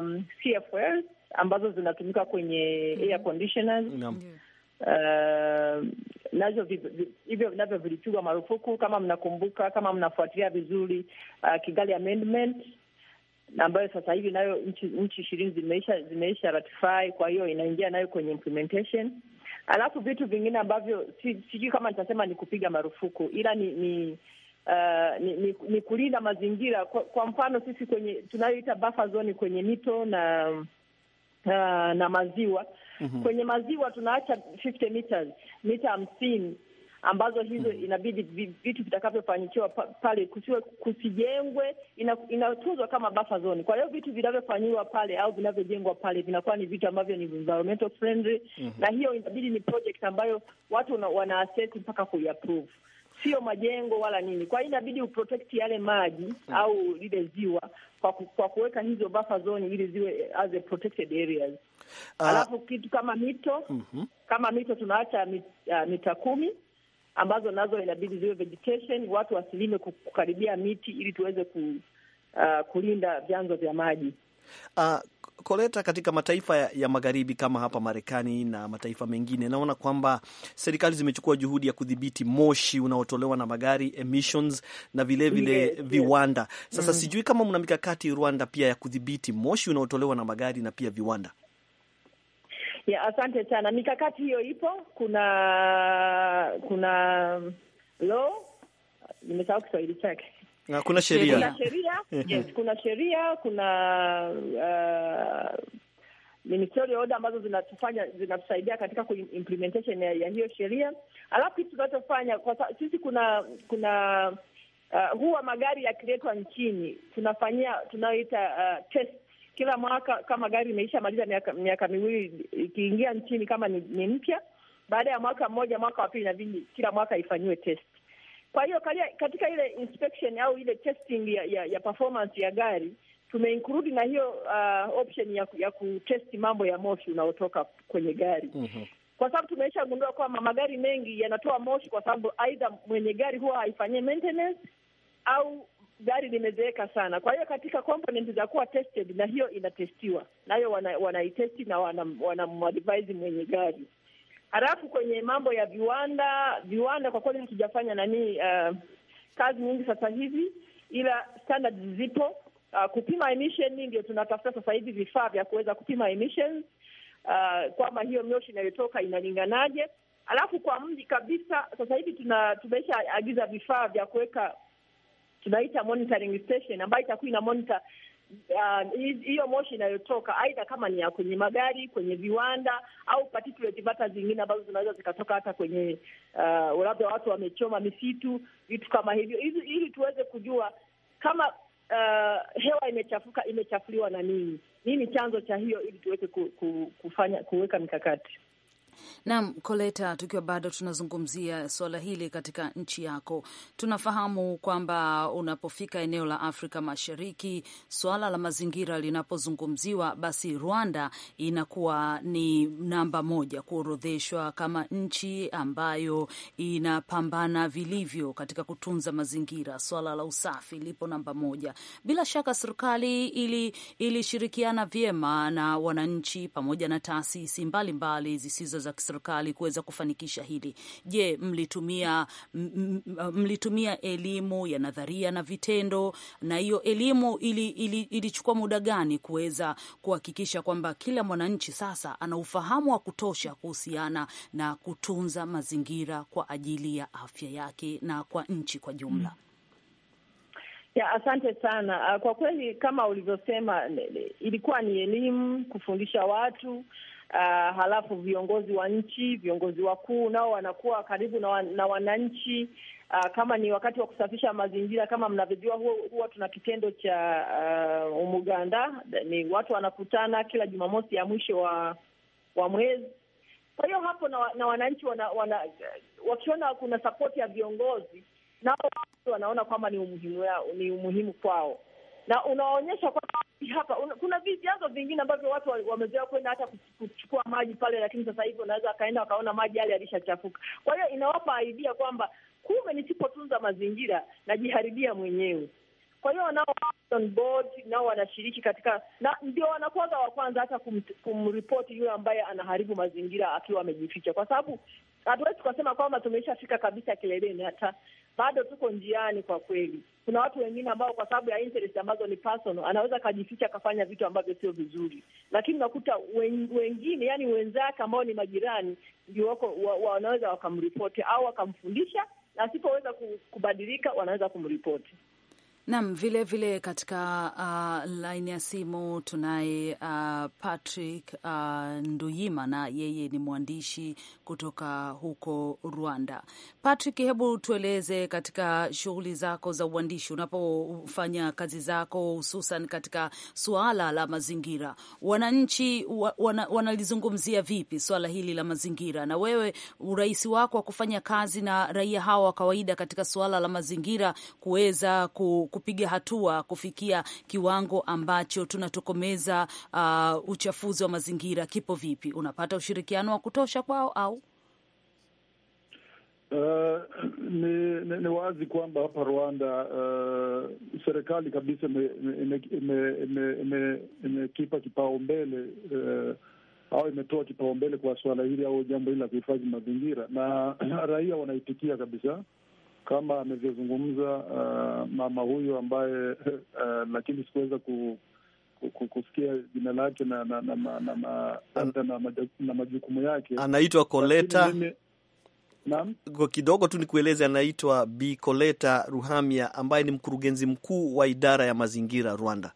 um, CFL ambazo zinatumika kwenye mm -hmm. air conditioners mm -hmm. Uh, nazo hivyo vinavyo vilipigwa marufuku. Kama mnakumbuka, kama mnafuatilia vizuri uh, Kigali Amendment ambayo sasa hivi nayo nchi ishirini zimeisha zimeisha ratify, kwa hiyo inaingia nayo kwenye implementation. Alafu vitu vingine ambavyo sijui kama nitasema ni kupiga marufuku, ila ni ni uh, ni, ni, ni kulinda mazingira. Kwa, kwa mfano sisi kwenye tunayoita buffer zone kwenye mito na uh, na maziwa mm -hmm. Kwenye maziwa tunaacha 50 meters mita hamsini ambazo hizo hmm. inabidi vitu vitakavyofanyikiwa pale kusiwe, kusijengwe, inatunzwa kama buffer zone. Kwa hiyo vitu vinavyofanyiwa pale au vinavyojengwa pale vinakuwa ni vitu ambavyo ni environmental friendly mm -hmm. na hiyo inabidi ni project ambayo watu wana assess mpaka kuiapprove sio majengo wala nini. Kwa hiyo inabidi uprotect yale maji hmm, au lile ziwa kwa, ku, kwa kuweka hizo buffer zone ili ziwe as a protected areas. Ah. Alafu kitu kama mito mm -hmm. kama mito tunaacha mita, uh, mita kumi ambazo nazo inabidi ziwe vegetation, watu wasilime kukaribia miti ili tuweze ku, uh, kulinda vyanzo vya maji. Uh, Koleta, katika mataifa ya, ya magharibi kama hapa Marekani na mataifa mengine, naona kwamba serikali zimechukua juhudi ya kudhibiti moshi unaotolewa na magari emissions, na vilevile vile yes, viwanda sasa. Mm, sijui kama mna mikakati Rwanda pia ya kudhibiti moshi unaotolewa na magari na pia viwanda. Yeah, asante sana. Mikakati hiyo ipo. Kuna kuna law, nimesahau Kiswahili chake na kuna sheria, kuna sheria, yes, kuna sheria, kuna uh, ministerial order ambazo zinatufanya zinatusaidia katika implementation ya, ya hiyo sheria. Alafu kitu tunachofanya kwa sisi, kuna kuna uh, huwa magari yakiletwa nchini tunafanyia tunayoita uh, test kila mwaka kama gari imeisha maliza miaka, miaka miwili ikiingia nchini kama ni, ni mpya, baada ya mwaka mmoja, mwaka wa pili inabidi kila mwaka ifanyiwe test. Kwa hiyo katika ile inspection au ile testing ya, ya, ya performance ya gari tumeinclude na hiyo uh, option ya, ya kutesti mambo ya moshi unaotoka kwenye gari mm -hmm. Kwa sababu tumeshagundua kwamba magari mengi yanatoa moshi kwa sababu aidha mwenye gari huwa haifanyii maintenance au gari limezeeka sana. Kwa hiyo katika component za kuwa tested, na hiyo inatestiwa nayo, wanaitesti na wanamwadvise wana mwenye gari. Halafu kwenye mambo ya viwanda, viwanda kwa kweli hatujafanya nani uh, kazi nyingi sasa hivi, ila standards zipo. Uh, kupima emission ndio tunatafuta sasa hivi vifaa vya kuweza kupima emissions uh, kwamba hiyo mioshi inayotoka inalinganaje. Alafu kwa mji kabisa sasa hivi tuna tumesha agiza vifaa vya kuweka tunaita monitoring station ambayo itakuwa ina monitor uh, hiyo uh, moshi inayotoka aidha kama ni ya kwenye magari, kwenye viwanda au particulate matter zingine ambazo zinaweza zikatoka hata kwenye uh, labda watu wamechoma misitu, vitu kama hivyo, ili tuweze kujua kama uh, hewa imechafuka, imechafuliwa na nini, nini chanzo cha hiyo, ili tuweze kufanya kuweka mikakati. Naam, Koleta, tukiwa bado tunazungumzia suala hili katika nchi yako, tunafahamu kwamba unapofika eneo la Afrika Mashariki, suala la mazingira linapozungumziwa, basi Rwanda inakuwa ni namba moja kuorodheshwa kama nchi ambayo inapambana vilivyo katika kutunza mazingira. Suala la usafi lipo namba moja. Bila shaka serikali ili ilishirikiana vyema na wananchi pamoja na taasisi mbalimbali zisizo za kiserikali kuweza kufanikisha hili. Je, mlitumia mlitumia elimu ya nadharia na vitendo, na hiyo elimu ilichukua ili, ili muda gani kuweza kuhakikisha kwamba kila mwananchi sasa ana ufahamu wa kutosha kuhusiana na kutunza mazingira kwa ajili ya afya yake na kwa nchi kwa jumla? mm. Ya, asante sana. Kwa kweli kama ulivyosema, ilikuwa ni elimu, kufundisha watu Uh, halafu viongozi wa nchi, viongozi wakuu nao wanakuwa karibu na, na wananchi uh, kama ni wakati wa kusafisha mazingira, kama mnavyojua, huwa, huwa tuna kitendo cha uh, umuganda. Ni watu wanakutana kila Jumamosi ya mwisho wa wa mwezi. Kwa hiyo hapo na, na wananchi wana, wana, wakiona kuna sapoti ya viongozi nao wanaona kwamba ni umuhimu, ni umuhimu kwao na unaonyesha kwamba hapa una, kuna vijazo vingine ambavyo watu wamezoea kwenda hata kuchukua maji pale, lakini sasa hivi unaweza akaenda wakaona maji yale yalishachafuka. Kwa hiyo inawapa aidia kwamba kumbe nisipotunza mazingira najiharibia mwenyewe. Kwa hiyo nao on board nao wanashiriki katika na ndio wanakwanza wa kwanza hata kumripoti yule ambaye anaharibu mazingira akiwa amejificha, kwa sababu hatuwezi tukasema kwamba tumeshafika kabisa kileleni. Hata bado tuko njiani kwa kweli. Kuna watu wengine ambao kwa sababu ya interest ambazo ni personal, anaweza akajificha akafanya vitu ambavyo sio vizuri, lakini unakuta wengine, yani wenzake ambao ni majirani, ndio wako wa, wanaweza wakamripoti au wakamfundisha, na asipoweza kubadilika wanaweza kumripoti. Nam vile vile katika uh, laini ya simu tunaye uh, Patrick uh, Nduyima na yeye ni mwandishi kutoka huko Rwanda. Patrick, hebu tueleze katika shughuli zako za uandishi, unapofanya kazi zako hususan katika suala la mazingira, wananchi wana, wanalizungumzia vipi suala hili la mazingira, na wewe urahisi wako wa kufanya kazi na raia hawa wa kawaida katika suala la mazingira kuweza ku kupiga hatua kufikia kiwango ambacho tunatokomeza uh, uchafuzi wa mazingira kipo vipi? Unapata ushirikiano wa kutosha kwao au Uh, ni, ni, ni wazi kwamba hapa Rwanda uh, serikali kabisa imekipa kipaumbele uh, au imetoa kipaumbele kwa suala hili au jambo hili la kuhifadhi mazingira na raia wanaitikia kabisa kama amevyozungumza uh, mama huyu ambaye uh, lakini sikuweza ku kusikia jina lake na na na na, na, na, na, na, na majukumu yake. Anaitwa Koleta. Naam, kidogo tu nikueleze, anaitwa Bi Koleta Ruhamia ambaye ni mkurugenzi mkuu wa idara ya mazingira Rwanda.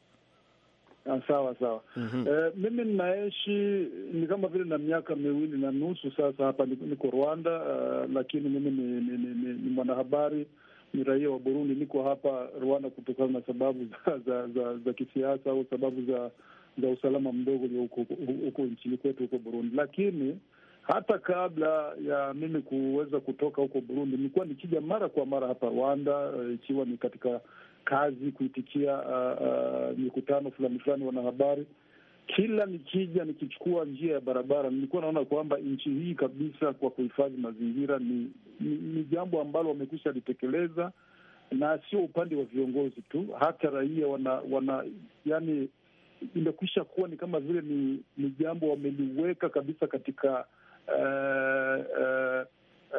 Ah, sawa sawa. mm -hmm. E, mimi ninaishi ni kama vile na miaka miwili na nusu sasa, hapa niko Rwanda. Uh, lakini mimi ni, ni, ni, ni, ni mwanahabari, ni raia wa Burundi. Niko hapa Rwanda kutokana na sababu za za, za, za kisiasa au sababu za za usalama mdogo ulio huko nchini kwetu huko Burundi. Lakini hata kabla ya mimi kuweza kutoka huko Burundi, nilikuwa nikija mara kwa mara hapa Rwanda, eh, ikiwa ni katika kazi, kuitikia mikutano uh, uh, mikutano fulani fulani, wanahabari. Kila nikija nikichukua njia ya barabara, nilikuwa naona kwamba nchi hii kabisa kwa kuhifadhi mazingira ni, ni, ni jambo ambalo wamekwisha litekeleza, na sio upande wa viongozi tu, hata raia wana, wana yani imekwisha kuwa ni kama vile ni, ni jambo wameliweka kabisa katika uh, uh,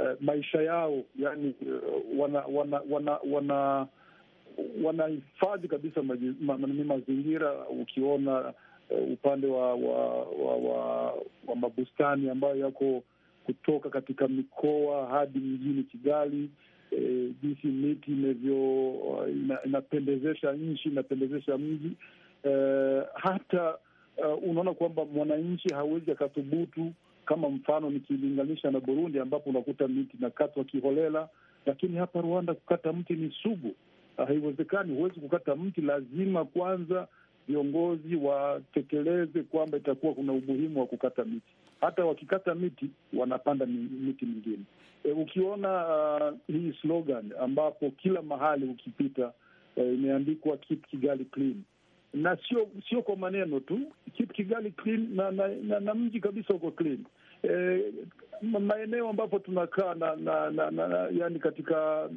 uh, maisha yao yani uh, wana wana wana, wana wanahifadhi kabisa mazingira. Ukiona uh, upande wa wa, wa, wa, wa mabustani ambayo yako kutoka katika mikoa hadi mjini Kigali, e, jinsi miti inavyo ina, inapendezesha nchi inapendezesha mji e, hata uh, unaona kwamba mwananchi hawezi akathubutu, kama mfano nikilinganisha na Burundi ambapo unakuta miti inakatwa kiholela, lakini hapa Rwanda kukata mti ni sugu haiwezekani. Huwezi kukata mti, lazima kwanza viongozi watekeleze kwamba itakuwa kuna umuhimu wa kukata miti. Hata wakikata miti wanapanda miti mingine. E, ukiona uh, hii slogan ambapo kila mahali ukipita e, imeandikwa uh, Keep Kigali Clean, na sio sio kwa maneno tu, Keep Kigali Clean na, na, na, na mji kabisa uko clean. E, maeneo ambapo tunakaa na, na, na, na, yani katika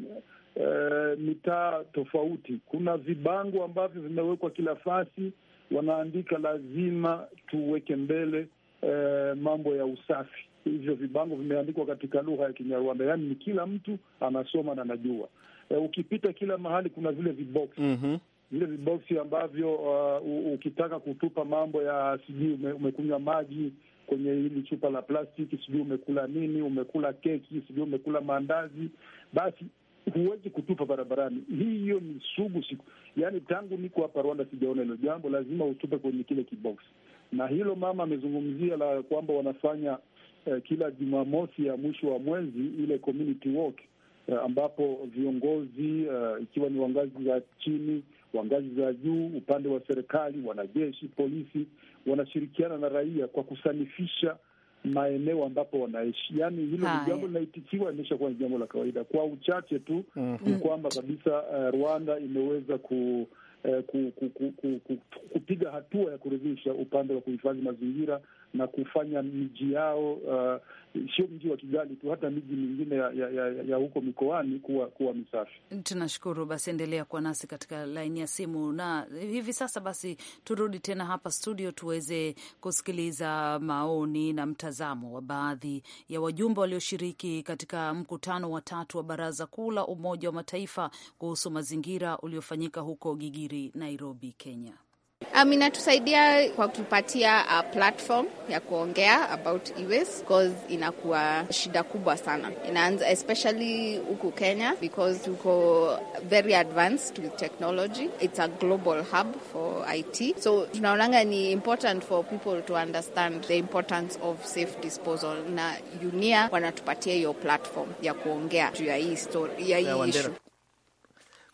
Eh, mitaa tofauti. Kuna vibango ambavyo vimewekwa kila fasi, wanaandika lazima tuweke mbele e, mambo ya usafi. Hivyo vibango vimeandikwa katika lugha ya Kinyarwanda, yaani ni kila mtu anasoma na anajua. E, ukipita kila mahali kuna vile viboksi mm -hmm vile viboksi ambavyo uh, ukitaka kutupa mambo ya sijui ume, umekunywa maji kwenye hili chupa la plastiki, sijui umekula nini, umekula keki, sijui umekula maandazi, basi huwezi kutupa barabarani. hii Hiyo ni sugu siku, yaani tangu niko hapa Rwanda sijaona hilo jambo, lazima utupe kwenye kile kiboksi. Na hilo mama amezungumzia la kwamba wanafanya eh, kila Jumamosi ya mwisho wa mwezi ile community walk eh, ambapo viongozi eh, ikiwa ni wangazi za chini, wangazi za juu, upande wa serikali, wanajeshi, polisi wanashirikiana na raia kwa kusanifisha maeneo ambapo wanaishi. yani hilo ni jambo linaitikiwa, imeshakuwa ni jambo la kawaida. Kwa uchache tu mm-hmm. ni kwamba kabisa uh, Rwanda imeweza eh, ku kupiga hatua ya kuridhisha upande wa kuhifadhi mazingira na kufanya miji yao uh, sio mji wa Kigali tu, hata miji mingine ya, ya, ya, ya huko mikoani kuwa kuwa misafi. Tunashukuru. Basi endelea kuwa nasi katika laini ya simu, na hivi sasa basi turudi tena hapa studio tuweze kusikiliza maoni na mtazamo wa baadhi ya wajumbe walioshiriki katika mkutano wa tatu wa Baraza Kuu la Umoja wa Mataifa kuhusu mazingira uliofanyika huko Gigiri, Nairobi, Kenya. Um, inatusaidia kwa kutupatia a platform ya kuongea about e-waste because inakuwa shida kubwa sana, inaanza especially huku Kenya because tuko very advanced with technology. It's a global hub for IT, so tunaonanga ni important for people to understand the importance of safe disposal, na UNIA wanatupatia hiyo platform ya kuongea juu ya hii story, ya hii issue.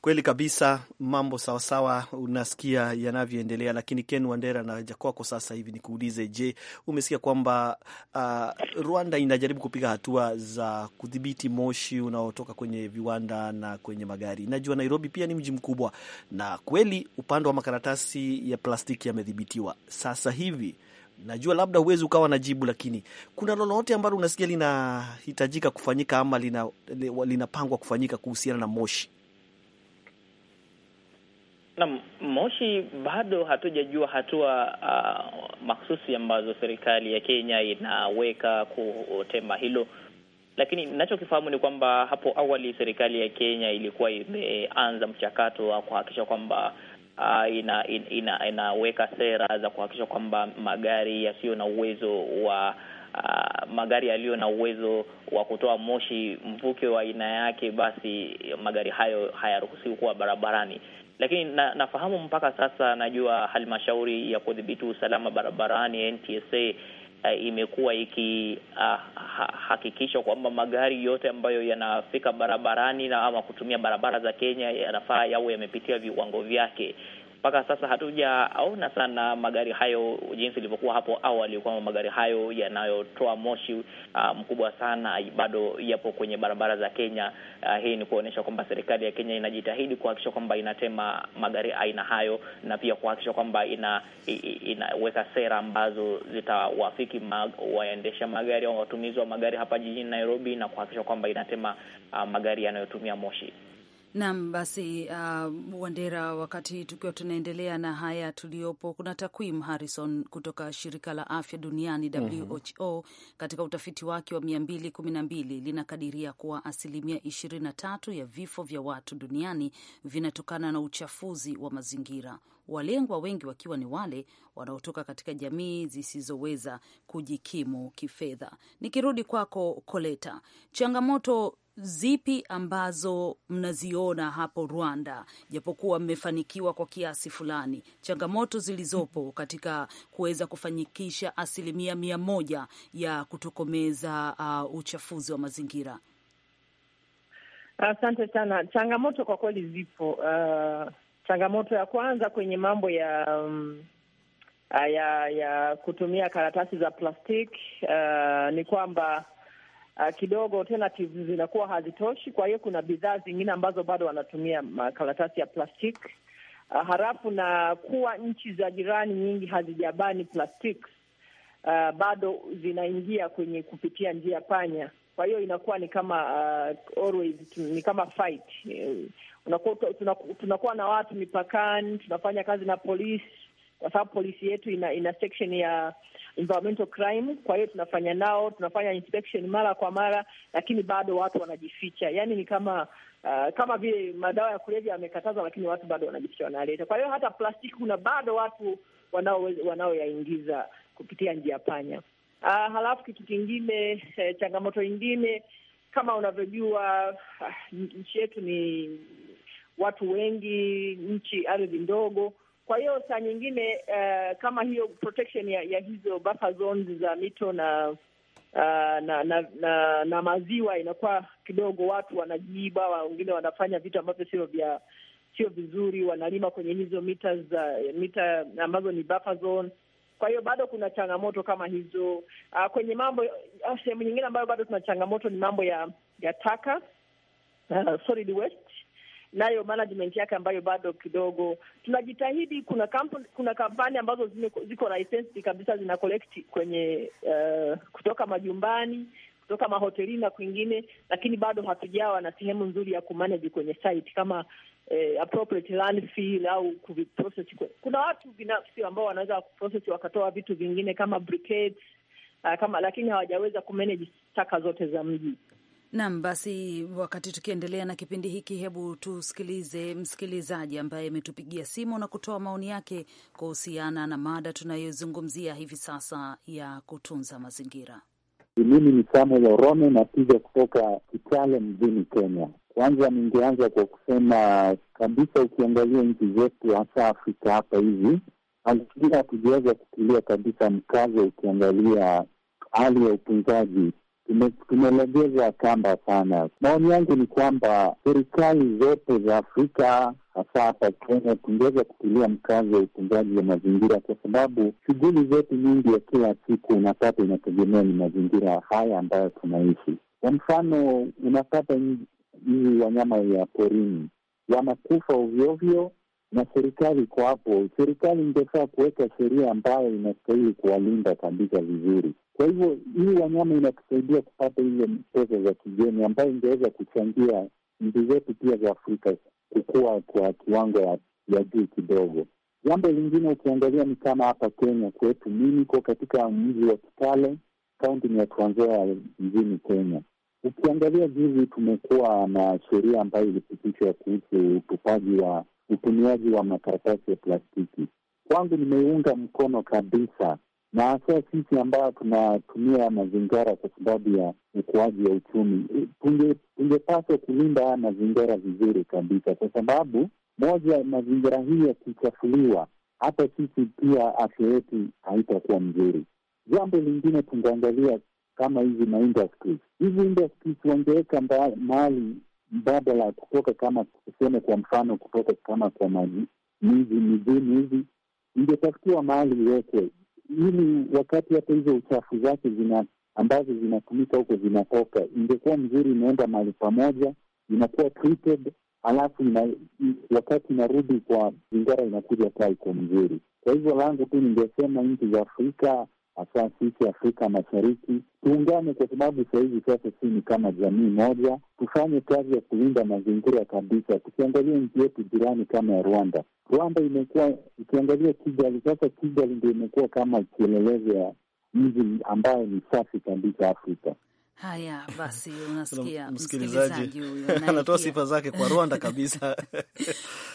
Kweli kabisa, mambo sawasawa, unasikia yanavyoendelea. Lakini Ken Wandera, naja kwako sasa hivi nikuulize, je, umesikia kwamba uh, Rwanda inajaribu kupiga hatua za kudhibiti moshi unaotoka kwenye viwanda na kwenye magari? Najua Nairobi pia ni mji mkubwa, na kweli upande wa makaratasi ya plastiki yamedhibitiwa sasa hivi. Najua labda huwezi ukawa na jibu, lakini kuna lolote ambalo unasikia linahitajika kufanyika ama linapangwa lina kufanyika kuhusiana na moshi? Naam, moshi, bado hatujajua hatua uh, maksusi ambazo serikali ya Kenya inaweka kutema hilo, lakini ninachokifahamu ni kwamba hapo awali serikali ya Kenya ilikuwa imeanza mchakato wa kuhakikisha kwamba uh, ina, ina, ina, inaweka sera za kuhakikisha kwamba magari yasiyo na uwezo wa Uh, magari yaliyo na uwezo wa kutoa moshi mvuke wa aina yake, basi magari hayo hayaruhusiwi kuwa barabarani lakini na, nafahamu mpaka sasa, najua halmashauri ya kudhibiti usalama barabarani NTSA uh, eh, imekuwa ikihakikisha uh, ha, kwamba magari yote ambayo yanafika barabarani na ama kutumia barabara za Kenya yanafaa yawe yamepitia viwango vyake mpaka sasa hatujaona sana magari hayo jinsi ilivyokuwa hapo awali, kwamba magari hayo yanayotoa moshi uh, mkubwa sana ah, bado yapo kwenye barabara za Kenya. Uh, hii ni kuonyesha kwamba serikali ya Kenya inajitahidi kuhakikisha kwamba inatema magari aina hayo na pia kuhakikisha kwamba ina inaweka sera ambazo zitawafiki mag, waendesha magari au watumizi wa magari hapa jijini Nairobi na kuhakikisha kwamba inatema uh, magari yanayotumia moshi. Nam basi, uh, Wandera, wakati tukiwa tunaendelea na haya tuliyopo, kuna takwimu Harrison kutoka shirika la afya duniani mhm. WHO katika utafiti wake wa mia mbili kumi na mbili linakadiria kuwa asilimia ishirini na tatu ya vifo vya watu duniani vinatokana na uchafuzi wa mazingira, walengwa wengi wakiwa ni wale wanaotoka katika jamii zisizoweza kujikimu kifedha. Nikirudi kwako Koleta, changamoto zipi ambazo mnaziona hapo Rwanda, japokuwa mmefanikiwa kwa kiasi fulani, changamoto zilizopo katika kuweza kufanikisha asilimia mia moja ya kutokomeza uh, uchafuzi wa mazingira? Asante uh, sana. Changamoto kwa kweli zipo. Uh, changamoto ya kwanza kwenye mambo ya um, ya ya kutumia karatasi za plastiki uh, ni kwamba uh, kidogo alternatives zinakuwa hazitoshi. Kwa hiyo kuna bidhaa zingine ambazo bado wanatumia makaratasi ya plastiki uh, ah, harafu na kuwa nchi za jirani nyingi hazijabani plastiki uh, ah, bado zinaingia kwenye kupitia njia panya. Kwa hiyo inakuwa ni kama uh, always ni kama fight tunakuwa na watu mipakani, tunafanya kazi na polisi kwa sababu polisi yetu ina, ina section ya environmental crime. Kwa hiyo tunafanya nao, tunafanya inspection mara kwa mara, lakini bado watu wanajificha. Yani ni kama uh, kama vile madawa ya kulevya yamekatazwa, lakini watu bado wanajificha, wanaleta. Kwa hiyo hata plastiki kuna bado watu wanaoyaingiza wanao kupitia njia panya. Uh, halafu kitu kingine eh, changamoto ingine kama unavyojua ah, nchi yetu ni watu wengi, nchi ardhi ndogo. Kwa hiyo saa nyingine uh, kama hiyo protection ya, ya hizo buffer zones za mito na Uh, na, na na na maziwa inakuwa kidogo, watu wanajiiba, wengine wanafanya vitu ambavyo sio vya sio vizuri, wanalima kwenye hizo mita za mita ambazo ni buffer zone. Kwa hiyo bado kuna changamoto kama hizo. Uh, kwenye mambo ah, sehemu nyingine ambayo bado tuna changamoto ni mambo ya ya taka, uh, solid waste nayo management yake ambayo bado kidogo tunajitahidi. Kuna kampuni, kuna kampani ambazo zime, ziko licensed kabisa zina collect kwenye uh, kutoka majumbani kutoka mahotelini na kwingine, lakini bado hatujawa na sehemu nzuri ya kumanage kwenye site kama eh, appropriate landfill au kuprocess. Kuna watu binafsi ambao wanaweza kuprocess wakatoa vitu vingine kama briquettes, uh, kama lakini hawajaweza kumanage taka zote za mji. Nam, basi wakati tukiendelea na kipindi hiki, hebu tusikilize msikilizaji ambaye ametupigia simu na kutoa maoni yake kuhusiana na mada tunayozungumzia hivi sasa ya kutunza mazingira. Mimi ni Samuel Orome, napiga kutoka Kitale mjini Kenya. Kwanza ningeanza kwa kusema kabisa, ukiangalia nchi zetu hasa Afrika hapa hivi, mazingira hatujaweza kutilia kabisa mkazo, ukiangalia hali ya utunzaji tumelegeza kamba sana. Maoni yangu ni kwamba serikali zote za Afrika hasa hapa Kenya tungeweza kutilia mkazo wa utunzaji wa mazingira, kwa sababu shughuli zetu nyingi ya kila siku unapata inategemea ni mazingira haya ambayo tunaishi. Kwa mfano, unapata hizi wanyama ya porini wanakufa ovyoovyo na serikali iko hapo. Serikali ingefaa kuweka sheria ambayo inastahili kuwalinda kabisa vizuri. Kwa hivyo hii wanyama inatusaidia kupata hizo pesa za kigeni ambayo ingeweza kuchangia nchi zetu pia za Afrika kukua kwa kiwango ya juu kidogo. Jambo lingine ukiangalia ni kama hapa Kenya kwetu, mimi niko katika mji wa Kitale, kaunti ni ya Trans Nzoia mjini Kenya. Ukiangalia juzi, tumekuwa na sheria ambayo ilipitishwa kuhusu utupaji wa utumiaji wa makaratasi ya plastiki. Kwangu nimeunga mkono kabisa, na hasa sisi ambayo tunatumia mazingira kwa sababu ya ukuaji wa uchumi, tungepaswa kulinda haya mazingira vizuri kabisa, kwa sababu moja, mazingira hii yakichafuliwa, hata sisi pia afya yetu haitakuwa mzuri. Jambo lingine tungeangalia kama hizi ma industries hizi industries wangeweka mahali mbadala kutoka kama tuseme kwa mfano kutoka kama kwa miji mijini hivi ingetafutiwa mahali iwekwe, ili wakati hata hizo uchafu zake zina ambazo zinatumika huko zinatoka, ingekuwa mzuri, inaenda mahali pamoja, inakuwa treated, alafu ina, wakati inarudi kwa zingara inakuja kaa iko mzuri. Kwa hivyo langu tu ningesema nchi za Afrika hasa sisi Afrika Mashariki tuungane, kwa sababu sahizi sasa si ni kama jamii moja, tufanye kazi ya kulinda mazingira kabisa. Tukiangalia nchi yetu jirani kama ya Rwanda, Rwanda imekuwa ikiangalia Kigali. Sasa Kigali ndio imekuwa kama kielelezo ya mji ambayo ni safi kabisa Afrika. Haya basi, unasikia msikilizaji anatoa sifa zake kwa Rwanda kabisa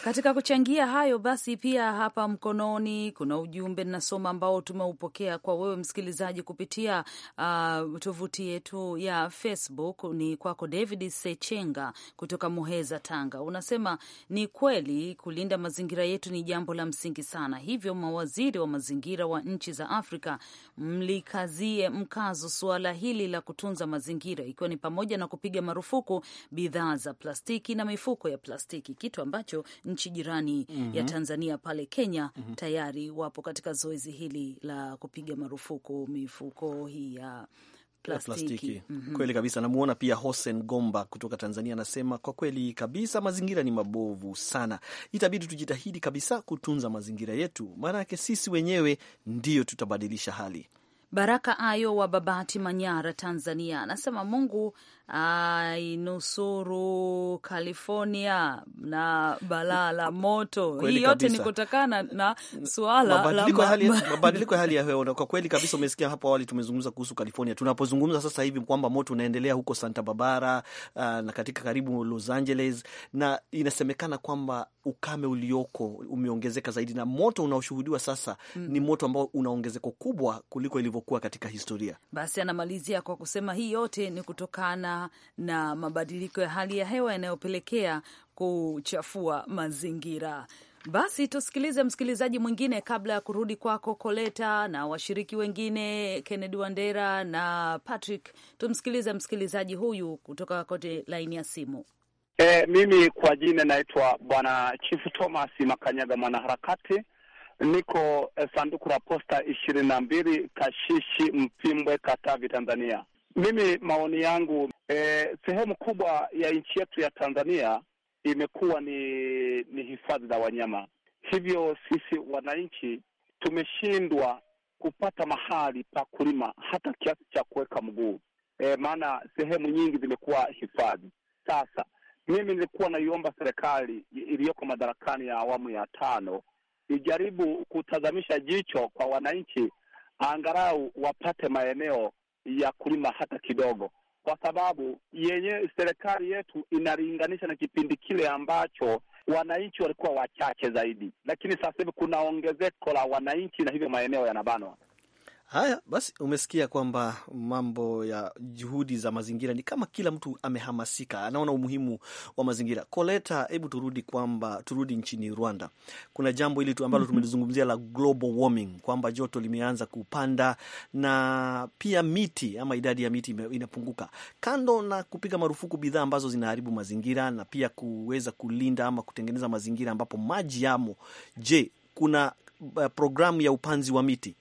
katika kuchangia hayo. Basi pia hapa mkononi kuna ujumbe nasoma ambao tumeupokea kwa wewe msikilizaji kupitia uh, tovuti yetu ya Facebook. Ni kwako David Sechenga kutoka Muheza, Tanga. Unasema ni kweli kulinda mazingira yetu ni jambo la msingi sana, hivyo mawaziri wa mazingira wa nchi za Afrika mlikazie mkazo suala hili la kutunza mazingira, ikiwa ni pamoja na kupiga marufuku bidhaa za plastiki na mifuko ya plastiki, kitu ambacho nchi jirani mm -hmm. ya mhm. Tanzania pale Kenya mm -hmm. tayari wapo katika zoezi hili la kupiga marufuku mifuko hii ya plastiki, plastiki. Mm -hmm. Kweli kabisa. Namuona pia Hosen Gomba kutoka Tanzania anasema kwa kweli kabisa mazingira ni mabovu sana, itabidi tujitahidi kabisa kutunza mazingira yetu, maanake sisi wenyewe ndiyo tutabadilisha hali. Baraka Ayo wa Babati, Manyara, Tanzania, anasema Mungu ainusuru California na balaa la moto. Hii yote ni kutokana na suala mabadiliko ya hali, ya ya hewa. Kwa kweli kabisa, umesikia hapo awali tumezungumza kuhusu California, tunapozungumza sasa hivi kwamba moto unaendelea huko Santa Barbara uh, na katika karibu Los Angeles, na inasemekana kwamba ukame ulioko umeongezeka zaidi, na moto unaoshuhudiwa sasa mm, ni moto ambao una ongezeko kubwa kuliko ilivyokuwa katika historia. Basi anamalizia kwa kusema hii yote ni kutokana na mabadiliko ya hali ya hewa yanayopelekea kuchafua mazingira. Basi tusikilize msikilizaji mwingine kabla ya kurudi kwako Koleta na washiriki wengine Kennedy Wandera na Patrick. Tumsikilize msikilizaji huyu kutoka kote laini ya simu. E, mimi kwa jina naitwa Bwana Chief Thomas Makanyaga, mwanaharakati niko eh, sanduku la posta ishirini na mbili Kashishi Mpimbwe, Katavi, Tanzania. Mimi maoni yangu E, sehemu kubwa ya nchi yetu ya Tanzania imekuwa ni ni hifadhi za wanyama, hivyo sisi wananchi tumeshindwa kupata mahali pa kulima hata kiasi cha kuweka mguu e, maana sehemu nyingi zimekuwa hifadhi. Sasa mimi nilikuwa naiomba serikali iliyoko madarakani ya awamu ya tano ijaribu kutazamisha jicho kwa wananchi, angalau wapate maeneo ya kulima hata kidogo kwa sababu yenye serikali yetu inalinganisha na kipindi kile ambacho wananchi walikuwa wachache zaidi, lakini sasa hivi kuna ongezeko la wananchi na hivyo maeneo yanabanwa. Haya basi, umesikia kwamba mambo ya juhudi za mazingira ni kama kila mtu amehamasika, anaona umuhimu wa mazingira. Koleta, hebu turudi kwamba turudi nchini Rwanda, kuna jambo hili tu ambalo mhm. tumelizungumzia la global warming, kwamba joto limeanza kupanda na pia miti ama idadi ya miti inapunguka, kando na kupiga marufuku bidhaa ambazo zinaharibu mazingira na pia kuweza kulinda ama kutengeneza mazingira ambapo maji yamo. Je, kuna eh, programu ya upanzi wa miti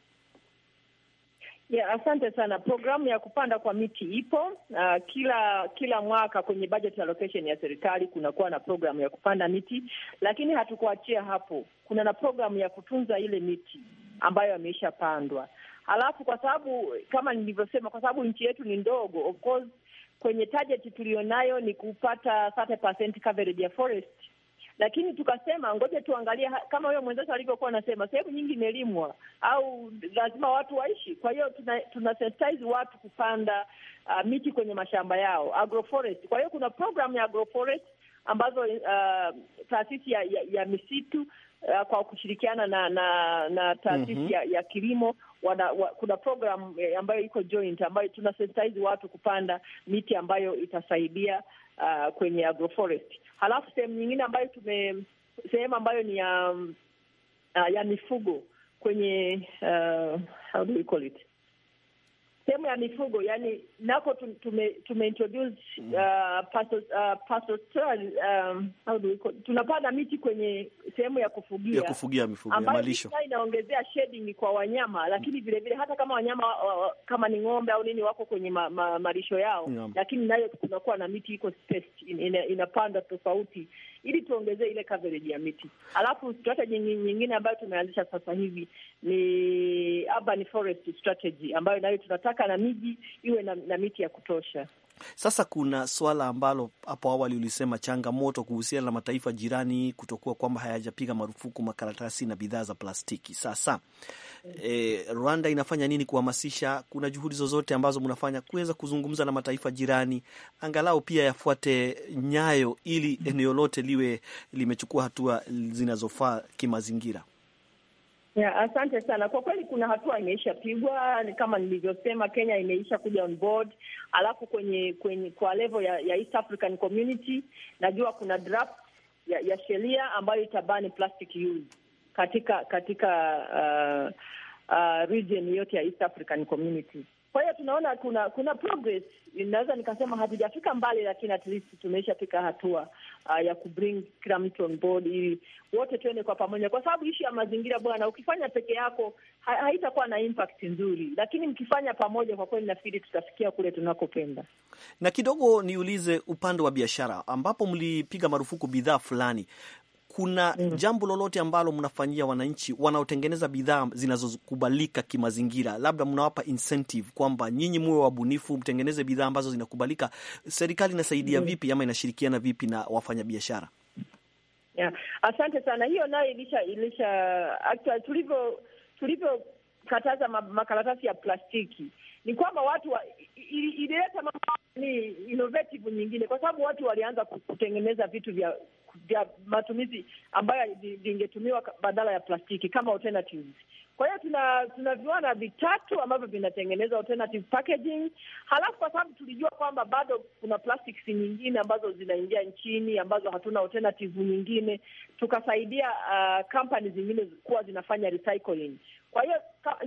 Yeah, asante sana. Programu ya kupanda kwa miti ipo. Uh, kila kila mwaka kwenye budget allocation ya serikali kunakuwa na programu ya kupanda miti, lakini hatukuachia hapo. Kuna na programu ya kutunza ile miti ambayo ameishapandwa. Alafu kwa sababu kama nilivyosema, kwa sababu nchi yetu ni ndogo, of course kwenye target tuliyonayo ni kupata 30% coverage ya forest lakini tukasema ngoja tuangalie kama huyo mwenzetu alivyokuwa anasema, sehemu nyingi imelimwa au lazima watu waishi. Kwa hiyo tuna, tuna sensitize watu kupanda uh, miti kwenye mashamba yao agroforest. Kwa hiyo kuna program ya agroforest ambazo uh, taasisi ya, ya, ya misitu uh, kwa kushirikiana na na, na taasisi mm -hmm. ya, ya kilimo wana, wa, kuna program eh, ambayo iko joint ambayo tunasensitize watu kupanda miti ambayo itasaidia uh, kwenye agroforest. Halafu sehemu nyingine ambayo tume sehemu ambayo ni ya, mm, ah, ya mifugo kwenye uh, how do we call it sehemu ya mifugo yani nako tume, tume introduce mhm. uh, uh, um, how do we call, tunapanda miti kwenye sehemu ya kufugia ya kufugia mifugo ya malisho inaongezea kwa wanyama, lakini vilevile mhm. mm. vile, hata kama wanyama uh, kama ni ng'ombe au nini wako kwenye ma, ma, malisho yao mm. lakini nayo kunakuwa na miti iko spaced, in, in, inapanda tofauti ili tuongezee ile coverage ya miti. Alafu strategy nyingine ambayo tumeanzisha sasa hivi ni urban forest strategy, ambayo nayo tunataka na miji iwe na, na miti ya kutosha. Sasa kuna swala ambalo hapo awali ulisema changamoto kuhusiana na mataifa jirani kutokuwa kwamba hayajapiga marufuku makaratasi na bidhaa za plastiki. Sasa e, Rwanda inafanya nini kuhamasisha? Kuna juhudi zozote ambazo mnafanya kuweza kuzungumza na mataifa jirani angalau pia yafuate nyayo, ili eneo lote liwe limechukua hatua zinazofaa kimazingira? Yeah, asante sana. Kwa kweli kuna hatua imeishapigwa, kama nilivyosema, Kenya imeisha kuja on board, alafu kwenye kwenye kwa level ya, ya East African Community najua kuna draft ya, ya sheria ambayo itabani plastic use katika katika uh, uh, region yote ya East African Community. Kwa hiyo tunaona kuna kuna progress, inaweza nikasema hatujafika mbali, lakini at least hatua uh, ya kubring kila mtu on board ili wote tuende kwa pamoja, kwa sababu ishi ya mazingira bwana, ukifanya peke yako ha haitakuwa na impact nzuri, lakini mkifanya pamoja, kwa kweli nafikiri tutafikia kule tunakopenda. Na kidogo niulize upande wa biashara, ambapo mlipiga marufuku bidhaa fulani, kuna mm. jambo lolote ambalo mnafanyia wananchi wanaotengeneza bidhaa zinazokubalika kimazingira? Labda mnawapa incentive kwamba nyinyi muwe wabunifu, mtengeneze bidhaa ambazo zinakubalika. Serikali inasaidia mm. vipi ama inashirikiana vipi na wafanyabiashara? Yeah. Asante sana. Hiyo nayo ilisha ilisha tulivyo tulivyokataza makaratasi ya plastiki ni kwamba watu wa, ilileta mambo ni innovative nyingine, kwa sababu watu walianza kutengeneza vitu vya vya matumizi ambayo vingetumiwa badala ya plastiki kama alternatives. Kwa hiyo tuna tuna viwanda vitatu ambavyo vinatengeneza alternative packaging. Halafu kwa sababu tulijua kwamba bado kuna plastics nyingine ambazo zinaingia nchini ambazo hatuna alternative nyingine, tukasaidia uh, ah, kampani zingine kuwa zinafanya recycling. Kwa hiyo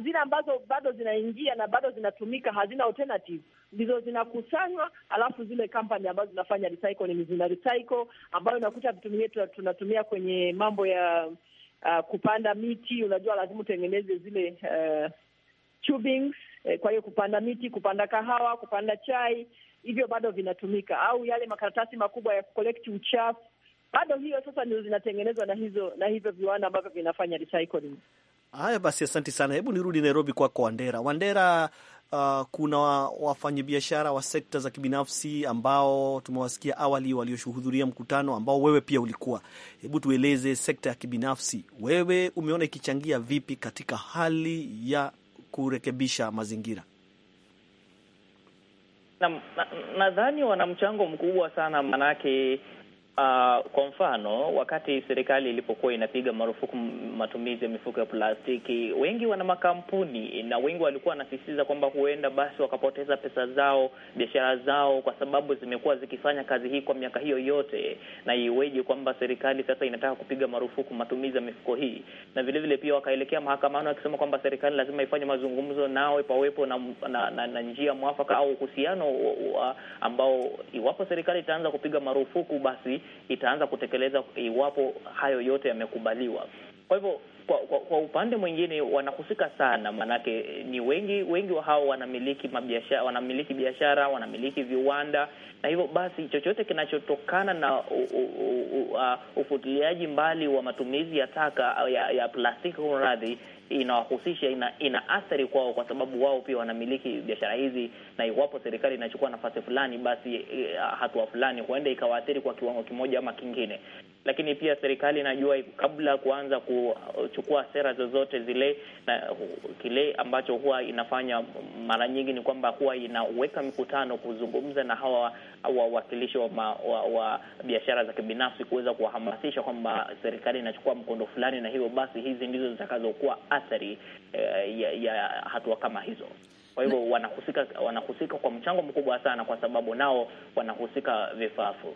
zile ambazo bado zinaingia na bado zinatumika, hazina alternative, ndizo zinakusanywa, alafu zile kampani ambazo zinafanya recycling zina recycle, ambayo unakuta vitu vyetu tunatumia kwenye mambo ya uh, kupanda miti. Unajua lazima utengeneze zile uh, tubings, eh, kwa hiyo kupanda miti, kupanda kahawa, kupanda chai, hivyo bado vinatumika, au yale makaratasi makubwa ya kukolekti uchafu bado hiyo sasa ndio zinatengenezwa na hizo na hivyo viwanda ambavyo vinafanya recycling. Haya basi, asante sana. Hebu nirudi Nairobi kwako kwa Wandera. Wandera, uh, kuna wafanyabiashara wa sekta za kibinafsi ambao tumewasikia awali walioshuhudhuria mkutano ambao wewe pia ulikuwa. Hebu tueleze sekta ya kibinafsi, wewe umeona ikichangia vipi katika hali ya kurekebisha mazingira? Nadhani na, na wana mchango mkubwa sana, maanake Uh, kwa mfano wakati serikali ilipokuwa inapiga marufuku matumizi ya mifuko ya plastiki, wengi wana makampuni na wengi walikuwa wanasisitiza kwamba huenda basi wakapoteza pesa zao, biashara zao, kwa sababu zimekuwa zikifanya kazi hii kwa miaka hiyo yote, na iweje kwamba serikali sasa inataka kupiga marufuku matumizi ya mifuko hii? Na vile vile pia wakaelekea mahakamani wakisema kwamba serikali lazima ifanye mazungumzo nao, pawepo na, na, na, na njia mwafaka au uhusiano ambao, iwapo serikali itaanza kupiga marufuku basi itaanza kutekeleza iwapo hayo yote yamekubaliwa. Kwa hivyo kwa, kwa, kwa upande mwingine wanahusika sana, maanake ni wengi wengi wa hao wanamiliki mabiashara, wanamiliki biashara, wanamiliki viwanda, na hivyo basi chochote kinachotokana na uh, ufutiliaji mbali wa matumizi ya taka ya, ya plastiki, huradhi inawahusisha ina, ina athari kwao, kwa sababu wao pia wanamiliki biashara hizi, na iwapo serikali inachukua nafasi fulani, basi eh, hatua fulani huenda ikawaathiri kwa kiwango kimoja ama kingine lakini pia serikali inajua kabla kuanza kuchukua sera zozote zile, na kile ambacho huwa inafanya mara nyingi ni kwamba huwa inaweka mikutano kuzungumza na hawa wawakilishi wa, wa, wa, biashara za kibinafsi kuweza kuwahamasisha kwamba serikali inachukua mkondo fulani, na hivyo basi hizi ndizo zitakazokuwa athari eh, ya, ya hatua kama hizo. Kwa hivyo wanahusika, wanahusika kwa mchango mkubwa sana, kwa sababu nao wanahusika vifaafu.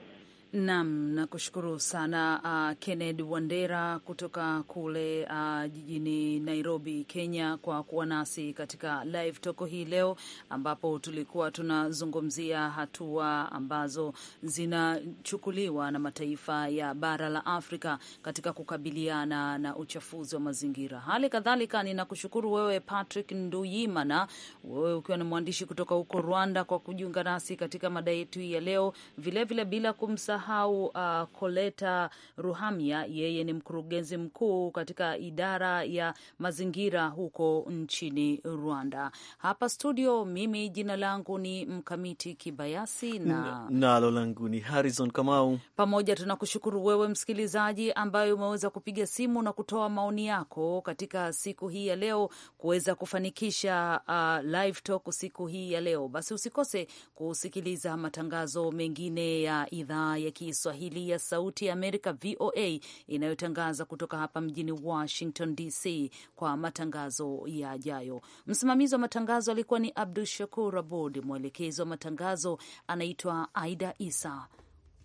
Nam, nakushukuru sana uh, Kenneth Wandera kutoka kule uh, jijini Nairobi, Kenya, kwa kuwa nasi katika live toko hii leo, ambapo tulikuwa tunazungumzia hatua ambazo zinachukuliwa na mataifa ya bara la Afrika katika kukabiliana na uchafuzi wa mazingira. Hali kadhalika ninakushukuru wewe Patrick Nduyimana, wewe ukiwa ni mwandishi kutoka huko Rwanda, kwa kujiunga nasi katika mada yetu hii ya leo, vilevile bila kumsa kusahau uh, Koleta Ruhamia, yeye ni mkurugenzi mkuu katika idara ya mazingira huko nchini Rwanda. Hapa studio, mimi jina langu ni Mkamiti Kibayasi na nalo langu ni Harrison Kamau. Pamoja tunakushukuru wewe msikilizaji ambaye umeweza kupiga simu na kutoa maoni yako katika siku hii ya leo kuweza kufanikisha uh, live talk siku hii ya leo. Basi usikose kusikiliza matangazo mengine ya idhaa ya ya Kiswahili ya Sauti ya Amerika, VOA, inayotangaza kutoka hapa mjini Washington DC. Kwa matangazo yajayo, msimamizi wa matangazo alikuwa ni Abdu Shakur Abud, mwelekezi wa matangazo anaitwa Aida Isa.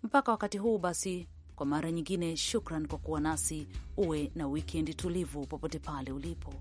Mpaka wakati huu basi, kwa mara nyingine, shukran kwa kuwa nasi. Uwe na wikendi tulivu popote pale ulipo.